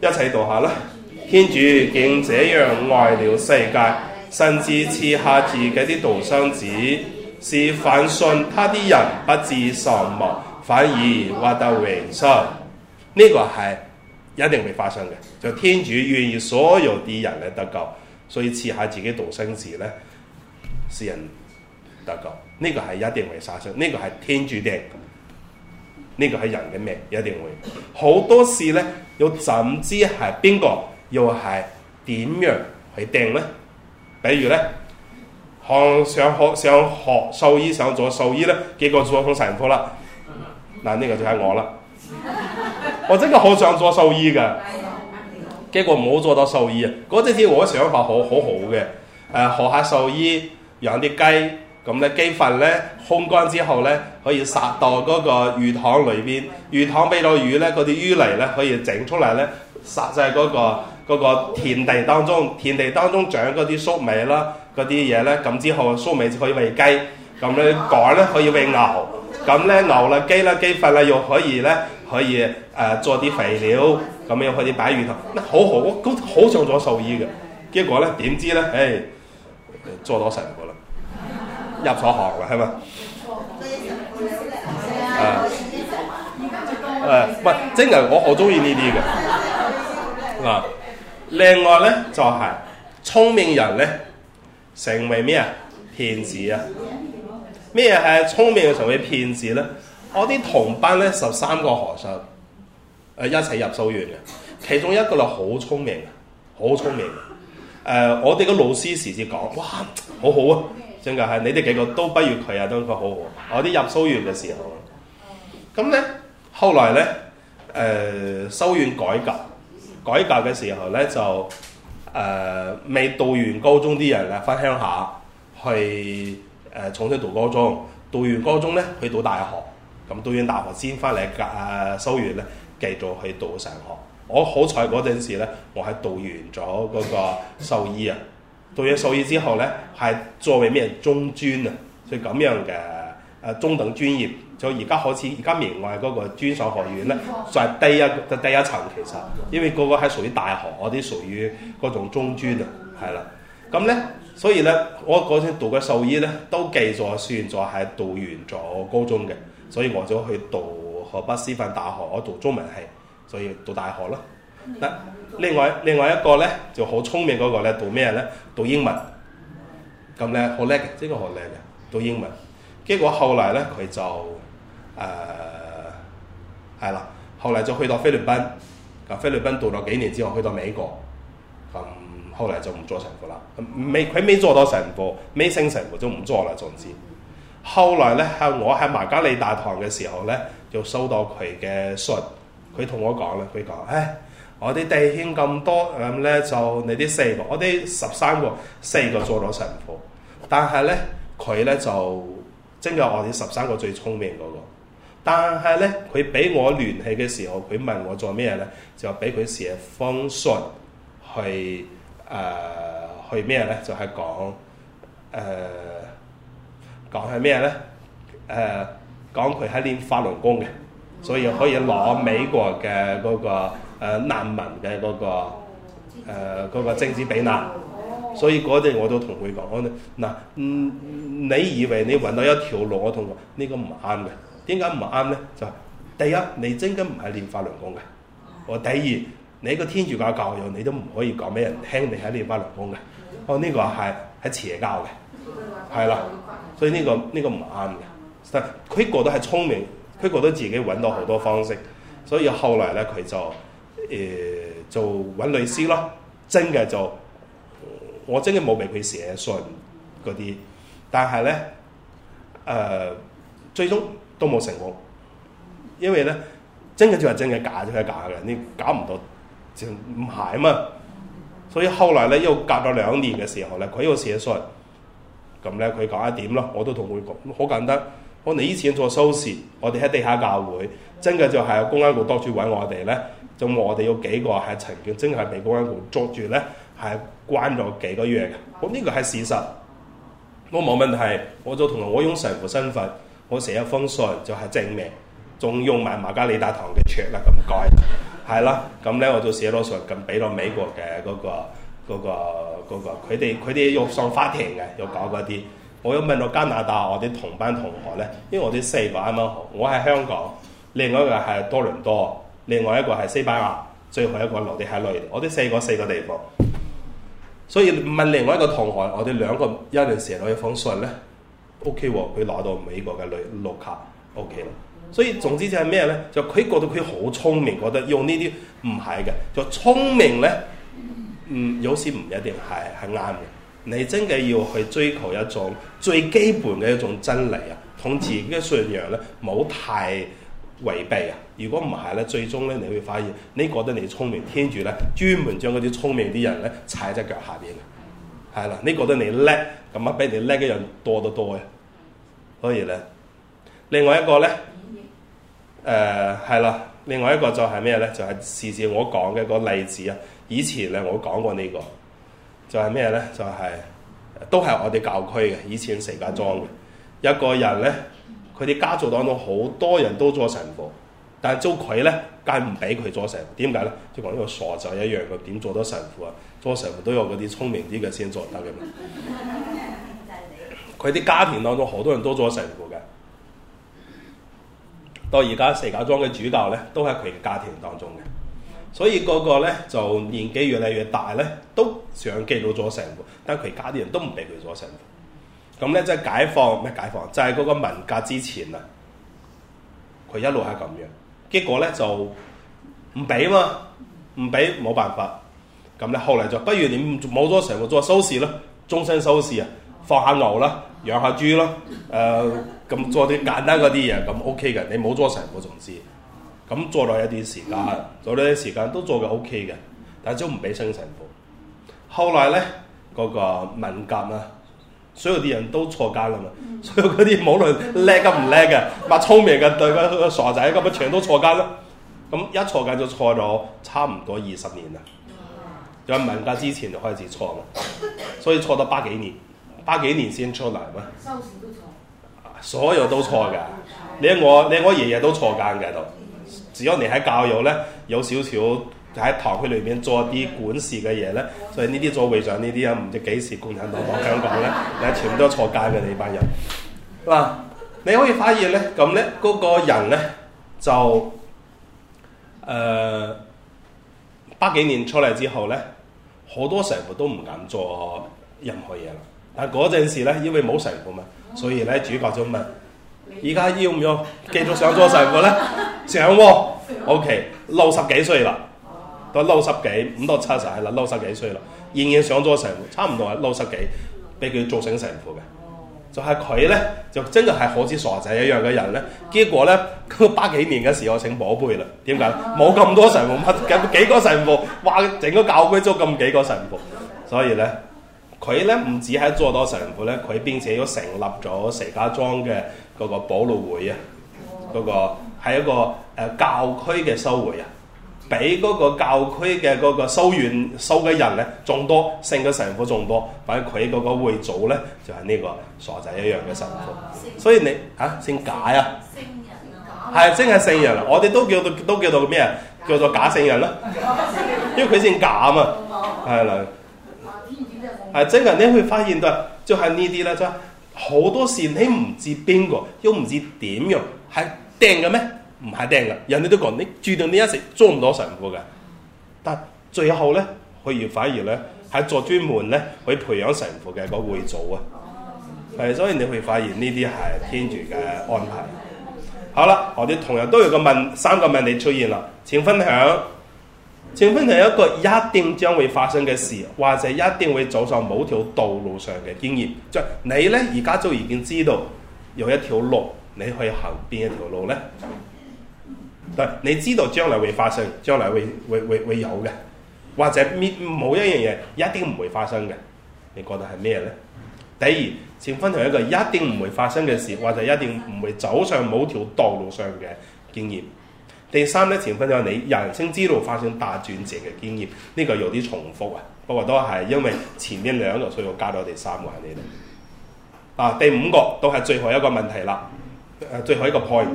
一齊讀一下啦。天主竟這樣愛了世界，甚至賜下自己啲獨生子，是凡信他啲人不至喪亡，反而獲得永生。呢、這個係一定會發生嘅，就天主願意所有啲人嚟得救。所以遲下自己讀生事咧，是人得救，呢、這個係一定會發生，呢、這個係天注定，呢、這個係人嘅命一定會。好多事咧，要怎知係邊個，又係點樣去定咧？比如咧，想學想學獸醫，想做獸醫咧，結果做咗神父啦，嗱呢個就係我啦， 我真係好想做獸醫嘅。結果冇做到獸醫啊！嗰陣時我想法好好好嘅，誒、呃、學下獸醫，養啲雞，咁咧雞糞咧烘乾之後咧，可以撒到嗰個魚塘裏邊，魚塘俾到魚咧，嗰啲淤泥咧可以整出嚟咧，撒晒嗰個嗰個田地當中，田地當中長嗰啲粟米啦，嗰啲嘢咧，咁之後粟米就可以餵雞，咁咧趕咧可以餵牛。咁咧牛啦雞啦雞糞啦，雞啦，雞啦，雞啦又可以咧可以誒做啲肥料，咁樣又可以擺魚頭，好好好好上咗獸醫嘅。結果咧點知咧，誒、哎、做咗神父啦，入咗行啦，係咪？誒喂、嗯嗯嗯，真係我好中意呢啲嘅嗱。另外咧就係、是、聰明人咧，成為咩啊騙子啊！咩係聰明嘅同啲騙子咧？我啲同班咧十三個學生，誒、呃、一齊入修院嘅，其中一個就好聰明嘅，好聰明嘅、呃。我哋個老師時時講，哇，好好啊，真係係你哋幾個都不如佢啊，都講好好。我啲入修院嘅時候，咁咧後來咧誒修院改革，改革嘅時候咧就誒、呃、未讀完高中啲人咧翻鄉下去。誒重新讀高中，讀完高中咧去讀大學，咁讀完大學先翻嚟教修完，咧，繼續去讀上學。我好彩嗰陣時咧，我係讀完咗嗰個獸醫啊，讀 完獸醫之後咧，係作為咩中專啊，所以咁樣嘅誒、啊、中等專業，就而家好似而家名為嗰個專上學院咧，在、就是、低一嘅、就是、低一層其實，因為嗰個係屬於大學，我啲屬於嗰種中專啊，係啦，咁咧。所以咧，我嗰陣讀嘅獸醫咧，都記咗算咗係讀完咗高中嘅，所以我就去讀河北師範大學，我讀中文系，所以讀大學咯。嗱，另外另外一個咧就好聰明嗰個咧讀咩咧？讀英文，咁咧好叻嘅，呢個好叻嘅，讀英文。結果後嚟咧佢就誒係啦，後嚟就去到菲律賓，喺菲律賓讀咗幾年之後，去到美國。後來就唔做神父啦，未佢未做到神父，未升神父就唔做啦，總之。後來咧，我喺瑪加利大堂嘅時候咧，就收到佢嘅信，佢同我講咧，佢講，唉、哎，我啲弟兄咁多，咁、嗯、咧就你啲四個，我啲十三個，四個做咗神父，但係咧，佢咧就真係我哋十三個最聰明嗰個，但係咧，佢俾我聯繫嘅時候，佢問我做咩咧，就俾佢寫封信去。誒、uh, 去咩咧？就係、是、講誒、uh, 講係咩咧？誒講佢喺練法輪功嘅，所以可以攞美國嘅嗰、那個誒難民嘅嗰個誒嗰個政治比難。所以嗰陣我都同佢講：我嗱，嗯，你以為你揾到一條路，我同你，這個、呢個唔啱嘅。點解唔啱咧？就是、第一，你真嘅唔係練法輪功嘅。我第二。你個天主教教友，你都唔可以講俾人、嗯、聽你喺呢班倫翁嘅。嗯、哦，呢、呢個係喺邪教嘅，係啦。 所以呢、呢個呢、呢個唔啱嘅。但佢覺得係聰明，佢覺得自己揾到好多方式，所以後來咧佢就誒、呃、就揾律師咯。真嘅就我真嘅冇俾佢寫信嗰啲，但係咧誒最終都冇成功，因為咧真嘅就係真嘅，假嘅就係假嘅，你搞唔到。就唔係吖嘛，所以後來咧又隔咗兩年嘅時候咧，佢又寫信，咁咧佢講一點咯，我都同佢講，好簡單，我哋以前做蘇氏，我哋喺地下教會，真嘅就係公安局多處揾我哋咧，就我哋有幾個係曾經，真係被公安局捉住咧，係關咗幾個月嘅，咁呢個係事實，我冇問題，我就同我用神父身份，我寫一封信就係、是、證明，仲用埋瑪加利大堂嘅 chop 啦，咁唔該。係啦，咁咧我就寫咗信，咁俾到美國嘅嗰個、嗰個、嗰個，佢哋佢哋要上法庭嘅，要搞嗰啲。我要問到加拿大我啲同班同學咧，因為我哋四個啱啱好，我喺香港，另外一個係多倫多，另外一個係西班牙，最後一個落地喺內地，我哋四個四個地方。所以問另外一個同學，我哋兩個一人寫咗一封信咧，OK 喎、哦，佢攞到美國嘅綠卡，OK 啦。所以總之就係咩咧？就佢覺得佢好聰明，覺得用呢啲唔係嘅，就聰明咧，嗯，有時唔一定係係啱嘅。你真嘅要去追求一種最基本嘅一種真理啊，同自己嘅信仰咧，冇太違背啊。如果唔係咧，最終咧，你會發現你覺得你聰明，天主咧專門將嗰啲聰明啲人咧踩喺隻腳下邊嘅。係啦，你覺得你叻，咁啊比你叻嘅人多得多啊。所以咧，另外一個咧。誒係啦，另外一個就係咩咧？就係、是、事試我講嘅個例子啊。以前咧，我講過呢、這個，就係咩咧？就係、是、都係我哋教區嘅，以前石家莊嘅一個人咧，佢哋家族當中好多人都做神父，但係阻佢咧，梗係唔俾佢做神父。點解咧？即係講呢個傻仔一樣，佢點做得神父啊？做神父都有嗰啲聰明啲嘅先做得嘅。佢啲家庭當中好多人都做神父。到而家石家莊嘅主教咧，都喺佢嘅家庭當中嘅，所以個個咧就年紀越嚟越大咧，都想繼到咗成佛，但佢家啲人都唔俾佢咗成佛。咁咧即係解放咩？解放就係、是、嗰個文革之前啊，佢一路係咁樣，結果咧就唔俾嘛，唔俾冇辦法。咁咧後嚟就不如你冇咗成佛做收視啦，終身收視啊，放下牛啦。養下豬咯，誒、呃、咁做啲簡單嗰啲嘢咁 OK 嘅，你冇做神父仲知，咁做咗一段時間，做一段時間都做嘅 OK 嘅，但係都唔俾升神父。後來咧嗰、嗰個文革啊，所有啲人都坐監啦嘛，所有嗰啲、嗯、無論叻嘅唔叻嘅，乜聰明嘅 對、嗰個傻仔咁樣全都坐監啦。咁一坐就坐咗差唔多二十年啦，有文革之前就開始坐啦，所以坐咗百幾年。八幾年先出嚟咩？都所有都錯嘅，你我你我爺爺都錯間嘅都。只要你喺教育咧，有少少喺堂區裏邊做啲管事嘅嘢咧，所以呢啲座位上呢啲人唔知幾時共產黨香港咧，你 全部都錯間嘅你班人。嗱、啊，你可以發現咧，咁咧嗰個人咧就誒八、呃、幾年出嚟之後咧，好多成日都唔敢做任何嘢啦。但嗰陣時咧，因為冇神父嘛，所以咧主教就問：而家要唔要繼續上咗神父咧？上喎，OK，六十幾歲啦，都六十幾，唔到七十啦，六十幾歲啦，仍然上咗神父，差唔多係六十幾，俾佢做成神父嘅。就係佢咧，就真係係好似傻仔一樣嘅人咧。結果咧，佢八幾年嘅時候請寶貝啦，點解？冇咁 多神父乜，有幾個神父？哇，整個教區都咁幾個神父，所以咧。佢咧唔止喺做多神父咧，佢並且都成立咗石家莊嘅嗰個保路會啊，嗰、哦那個係一個誒、呃、教區嘅修會啊，比嗰個教區嘅嗰個修院修嘅人咧仲多，聖嘅神父仲多，反正佢嗰個會組咧就係、是、呢個傻仔一樣嘅神父，哦、所以你嚇姓賈啊，係真係聖人，我哋都叫到都叫做咩啊？叫做假聖人啦，因為佢姓賈啊嘛，係啦、嗯。啊！真係你會發現到，就係呢啲咧，就係好多時你唔知邊個，又唔知點樣用，係掟嘅咩？唔係掟嘅，人哋都講你注定呢一世捉唔到神父嘅，但最後咧，佢而反而咧，係做專門咧去培養神父嘅嗰個會組啊。係，所以你會發現呢啲係天主嘅安排。好啦，我哋同樣都有個問，三個問題出現啦，請分享。請分享一個一定將會發生嘅事，或者一定會走上某條道路上嘅經驗。即你咧而家就已經知道有一條路，你可以行邊一條路咧。但你知道將來會發生，將來會會會會有嘅，或者咩某一樣嘢一定唔會發生嘅，你覺得係咩咧？第二，請分享一個一定唔會發生嘅事，或者一定唔會走上某條道路上嘅經驗。第三咧，前分有你人生之路發生大轉折嘅經驗，呢、這個有啲重複啊，不過都係因為前面兩個，所以我加咗第三個喺呢度。啊，第五個都係最後一個問題啦，誒、啊，最後一個 point，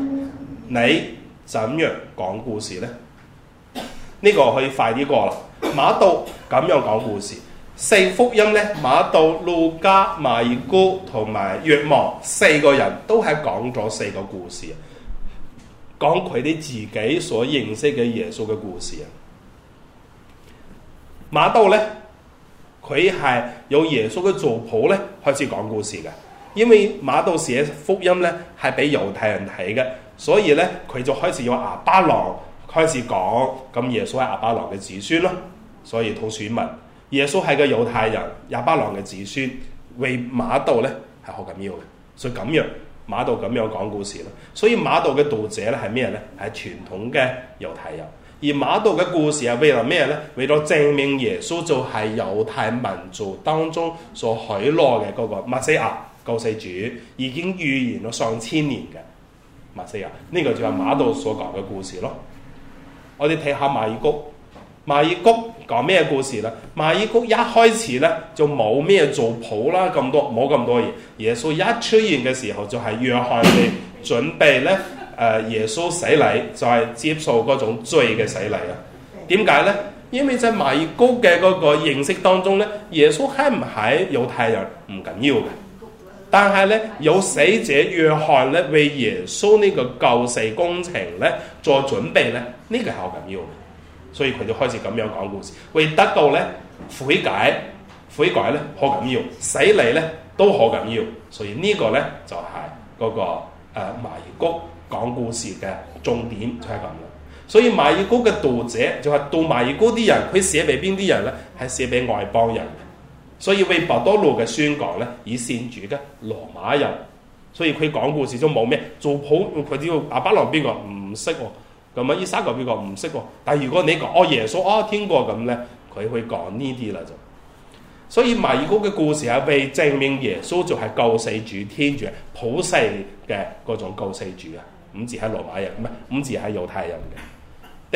你怎樣講故事咧？呢、這個可以快啲過啦。馬竇咁樣講故事，四福音咧，馬竇、路加、馬爾谷同埋若望四個人都係講咗四個故事。講佢哋自己所認識嘅耶穌嘅故事啊，馬竇咧佢係由耶穌嘅族譜咧開始講故事嘅，因為馬竇寫福音咧係俾猶太人睇嘅，所以咧佢就開始由亞巴郎開始講，咁耶穌係亞巴郎嘅子孫咯，所以土選民耶穌係個猶太人，亞巴郎嘅子孫，為馬竇咧係好緊要嘅，所以咁樣。瑪竇咁樣講故事咯，所以瑪竇嘅讀者咧係咩咧？係傳統嘅猶太人，而瑪竇嘅故事係為咗咩咧？為咗證明耶穌就係猶太民族當中所許諾嘅嗰個默西亞救世主，已經預言咗上千年嘅默西亞，呢個就係瑪竇所講嘅故事咯。我哋睇下馬爾谷。馬爾谷講咩故事咧？馬爾谷一開始咧就冇咩做譜啦，咁多冇咁多嘢。耶穌一出現嘅時候，就係、是、約翰哋準備咧，誒，耶穌洗禮就係、是、接受嗰種罪嘅洗禮啊。點解咧？因為喺馬爾谷嘅嗰個認識當中咧，耶穌係唔係猶太人唔緊要嘅，但係咧有死者約翰咧為耶穌呢個救世工程咧做準備咧，呢、這個係好緊要嘅。所以佢就開始咁樣講故事，為得到咧悔改，悔改咧好緊要，洗禮咧都好緊要。所以個呢、就是那個咧就係嗰個誒馬爾谷講故事嘅重點就係咁啦。所以馬爾谷嘅讀者就係、是、讀馬爾谷啲人，佢寫俾邊啲人咧？係寫俾外邦人。所以為伯多祿嘅宣講咧，以先主嘅羅馬人。所以佢講故事中都冇咩做好，佢知道阿巴郎邊個唔識喎。咁啊，伊沙教嗰個唔識喎，但係如果你講哦耶穌哦聽過咁咧，佢會講呢啲啦就。所以馬爾谷嘅故事係被證明耶穌就係救世主、天主、普世嘅嗰種救世主啊，唔止係羅馬人，唔係唔止係猶太人嘅。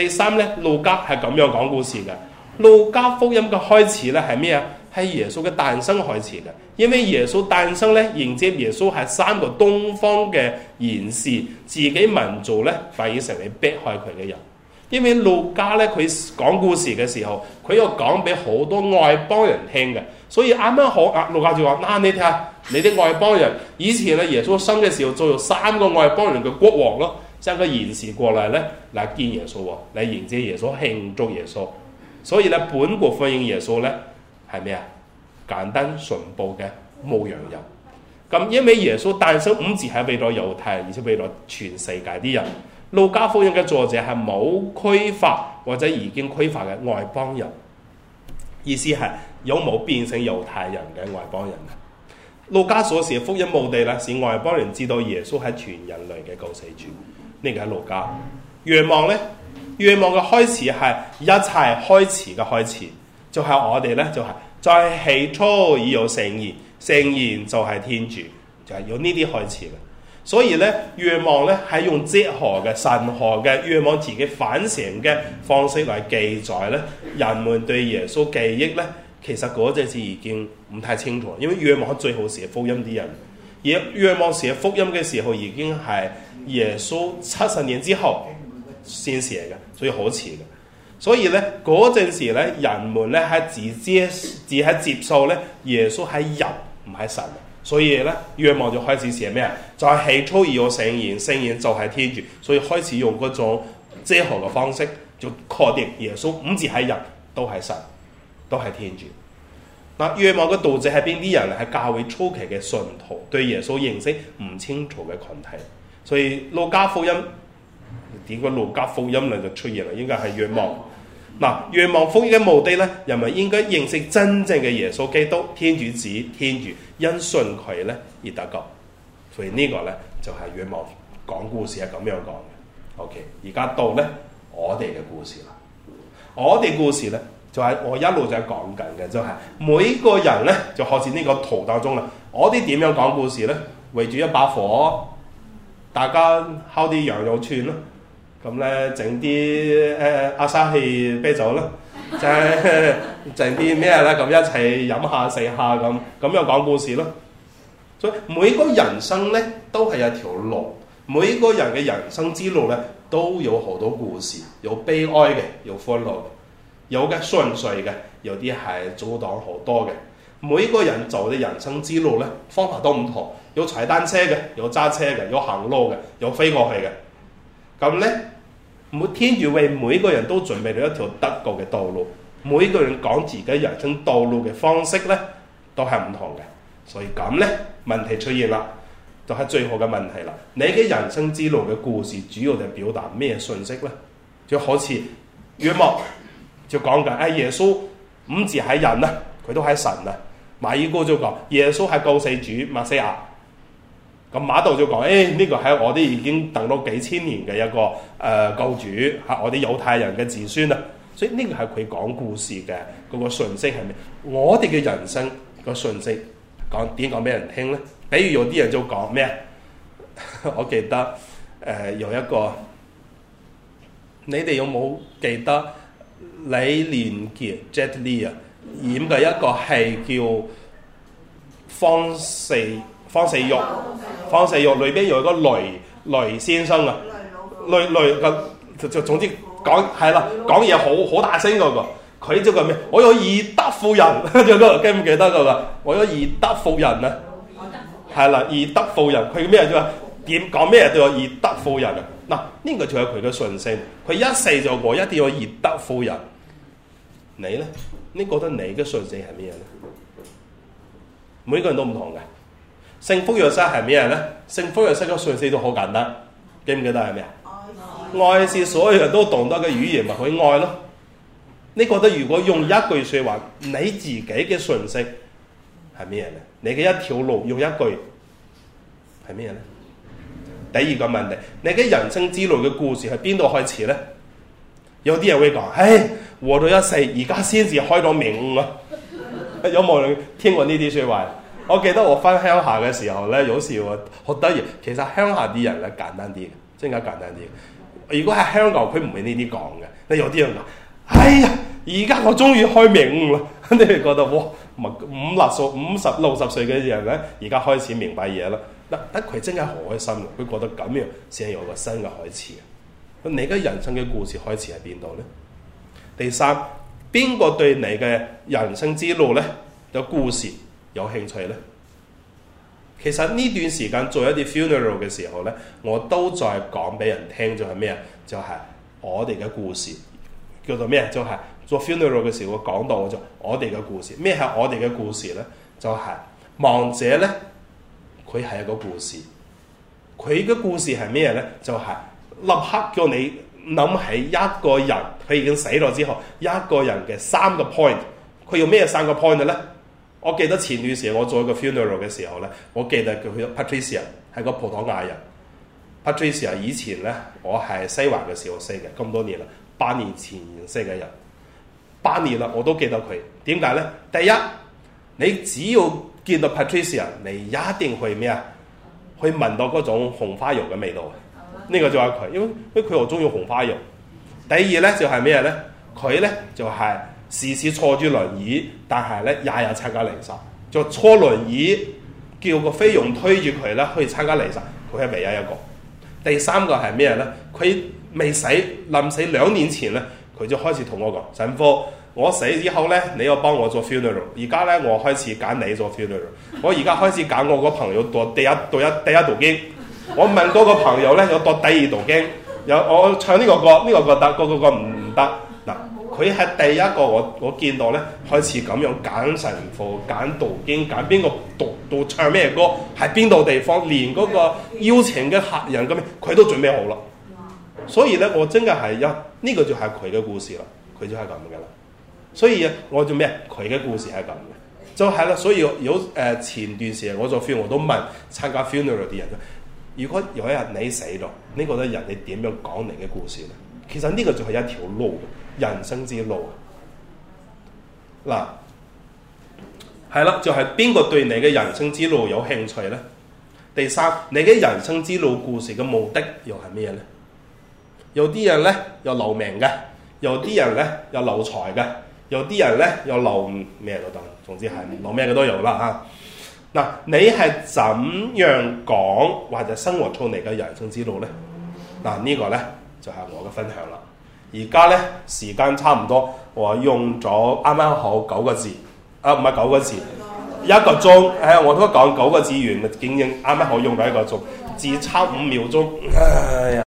第三咧，路加係咁樣講故事嘅。路加福音嘅開始咧係咩啊？係耶穌嘅誕生開始嘅，因為耶穌誕生咧，迎接耶穌係三個東方嘅賢士，自己民族咧發現成為迫害佢嘅人。因為路加咧，佢講故事嘅時候，佢又講俾好多外邦人聽嘅，所以啱啱好家，啊，路加就話：嗱，你睇下你啲外邦人以前咧，耶穌生嘅時候，做咗三個外邦人嘅國王咯，將個賢士過嚟咧嚟見耶穌喎，嚟迎接耶穌慶祝耶穌。所以咧，本國歡迎耶穌咧。係咩啊？簡單純樸嘅牧羊人。咁因為耶穌誕生唔只係為咗猶太人，而且為咗全世界啲人。路加福音嘅作者係冇歸化或者已經歸化嘅外邦人。意思係有冇變成猶太人嘅外邦人啊？路加所寫福音目的咧，是外邦人知道耶穌係全人類嘅救世主。呢、呢個係路加。願望咧，願望嘅開始係一切開始嘅開始。就係我哋咧，就係、是、在起初已有聖言，聖言就係天主，就係、是、用呢啲開始嘅。所以咧，約望咧係用哲學嘅神學嘅約望自己反省嘅方式嚟記載咧，人們對耶穌記憶咧，其實嗰陣時已經唔太清楚，因為約望最後寫福音啲人，而約望寫福音嘅時候已經係耶穌七十年之後先寫嘅，所以好遲嘅。所以咧嗰陣時咧，人們咧喺自己只喺接受咧耶穌喺人唔喺神，所以咧約望就開始寫咩？就係、是、起初已有聖言，聖言就係天主，所以開始用嗰種哲學嘅方式，就確定耶穌唔只喺人都係神，都係天主。那約望嘅讀者係邊啲人咧？係教會初期嘅信徒，對耶穌認識唔清楚嘅群體，所以路加福音點解路加福音咧就出現啦？應該係約望。嗱，若望福音嘅目的咧，人民應該認識真正嘅耶穌基督，天主子，天主，因信佢咧而得救。所以個呢個咧就係、是、若望講故事係咁樣講嘅。O K，而家到咧我哋嘅故事啦，我哋故事咧就係、是、我一路就係講緊嘅，就係、是、每個人咧就學似呢個圖當中啦。我啲點樣講故事咧？圍住一把火，大家烤啲羊肉串咯、啊。咁咧，整啲誒阿沙氣啤酒啦， 就係整啲咩啦，咁一齊飲下食下咁，咁又講故事咯。所以每個人生咧都係一條路，每個人嘅人生之路咧都有好多故事，有悲哀嘅，有歡樂嘅，有嘅順遂嘅，有啲係阻擋好多嘅。每個人做嘅人生之路咧方法都唔同，有踩單車嘅，有揸車嘅，有行路嘅，有飛過去嘅。咁咧，每天要為每個人都準備了一條得救嘅道路。每個人講自己人生道路嘅方式咧，都係唔同嘅。所以咁咧，問題出現啦，就係最後嘅問題啦。你嘅人生之路嘅故事，主要就表達咩信息咧？就好似若望就講緊，誒、哎，耶穌唔只係人啊，佢都係神啊。馬爾谷就講耶穌係救世主，默西亞。咁瑪竇就講，誒、哎、呢、這個係我哋已經等咗幾千年嘅一個誒救、呃、主，嚇我哋猶太人嘅子孫啊！所以呢個係佢講故事嘅嗰，這個信息係咩？我哋嘅人生個信息講，點講俾人聽咧？比如有啲人就講咩？ 我記得誒、呃、有一個，你哋有冇記得李連杰 Jet Li 啊演嘅一個戲叫方四？方世玉，方世玉裏邊有個雷雷先生啊，雷雷個就就總之講係啦，講嘢好好大聲嗰、那個，佢即係咩？我有以德服人，仲 記唔記得噶、那、啦、個？我有以德服人，人，德人，德人啊，係啦，以德服人，佢咩啫？點講咩都有以德服人啊！嗱，呢個就係佢嘅順性，佢一世就我一定要以德服人。你呢？你覺得你嘅順性係咩呢？每個人都唔同嘅。聖福若瑟係咩呢？聖福若瑟個訊息都好簡單，記唔記得係咩啊？愛是所有人都懂得嘅語言，咪去愛咯。你覺得如果用一句說話，你自己嘅訊息係咩呢？你嘅一條路用一句係咩呢？第二個問題，你嘅人生之路嘅故事係邊度開始呢？有啲人會講：，唉、哎，活到一世，而家先至開咗明啊！有冇人聽過呢啲說話？我記得我翻鄉下嘅時候咧，有時我好得意。其實鄉下啲人咧簡單啲，真係簡單啲。如果喺香港，佢唔會呢啲講嘅。你有啲人話：，哎呀，而家我終於開明啦！ 你覺得哇，五六十、五十、六十歲嘅人咧，而家開始明白嘢啦。嗱，一佢真係好開心，佢覺得咁樣先有個新嘅開始。你嘅人生嘅故事開始喺邊度咧？第三，邊個對你嘅人生之路咧有、那個、故事？有興趣咧？其實呢段時間做一啲 funeral 嘅時候咧，我都再講俾人聽，咗係咩啊？就係、是、我哋嘅故事叫做咩？就係做 funeral 嘅時候我講到就我哋嘅故事。咩係、就是、我哋嘅故事咧？就係、是、亡者咧，佢係一個故事。佢嘅故事係咩咧？就係、是、立刻叫你諗起一個人，佢已經死咗之後，一個人嘅三個 point，佢用咩三個 point 嘅咧？我記得前段時我做一個 funeral 嘅時候咧，我記得佢 Patricia 係個葡萄牙人。Patricia 以前咧，我係西環嘅時候識嘅，咁多年啦，八年前識嘅人，八年啦我都記得佢。點解咧？第一，你只要見到 Patricia，你一定去咩啊？去聞到嗰種紅花油嘅味道呢、嗯、個就係佢，因為佢好中意紅花油。第二咧就係咩咧？佢咧就係、是。時時坐住輪椅，但係咧也有參加彌撒。就坐輪椅叫個菲傭推住佢咧去參加彌撒，佢係唯一一個。第三個係咩咧？佢未死，臨死兩年前咧，佢就開始同我講：神父，我死之後咧，你又幫我做 funeral。而家咧，我開始揀你做 funeral。我而家開始揀我個朋友讀第一讀一第一讀經。我問多個朋友咧，我讀第二讀經。有我唱呢個歌，呢、呢個覺得個個唔唔得。佢係第一個我，我我見到咧，開始咁樣揀神父、揀道經、揀邊個讀到唱咩歌，喺邊度地方連嗰個邀請嘅客人咁樣，佢都準備好啦哇、啊這個。所以咧，我真嘅係有呢個就係佢嘅故事啦，佢就係咁嘅啦。所以我做咩？佢嘅故事係咁嘅，就係、是、啦。所以有誒、呃、前段時啊，我做 funeral 都問參加 funeral 啲人啦。如果有一日你死咗，呢個咧人你點樣講你嘅故事咧？其實呢個就係一條路，人生之路。嗱，係啦，就係邊個對你嘅人生之路有興趣咧？第三，你嘅人生之路故事嘅目的又係咩咧？有啲人咧有留名嘅，有啲人咧有留財嘅，有啲人咧有留咩都得，總之係留咩嘅都有啦吓。嗱，你係怎樣講或者生活出嚟嘅人生之路咧？嗱，呢個、呢個咧。就係我嘅分享啦！而家咧時間差唔多，我用咗啱啱好九個字啊，唔係九個字， 一個鐘，誒、哎、我都講九個字完，竟然啱啱好用到一個鐘，只差五秒鐘，哎呀！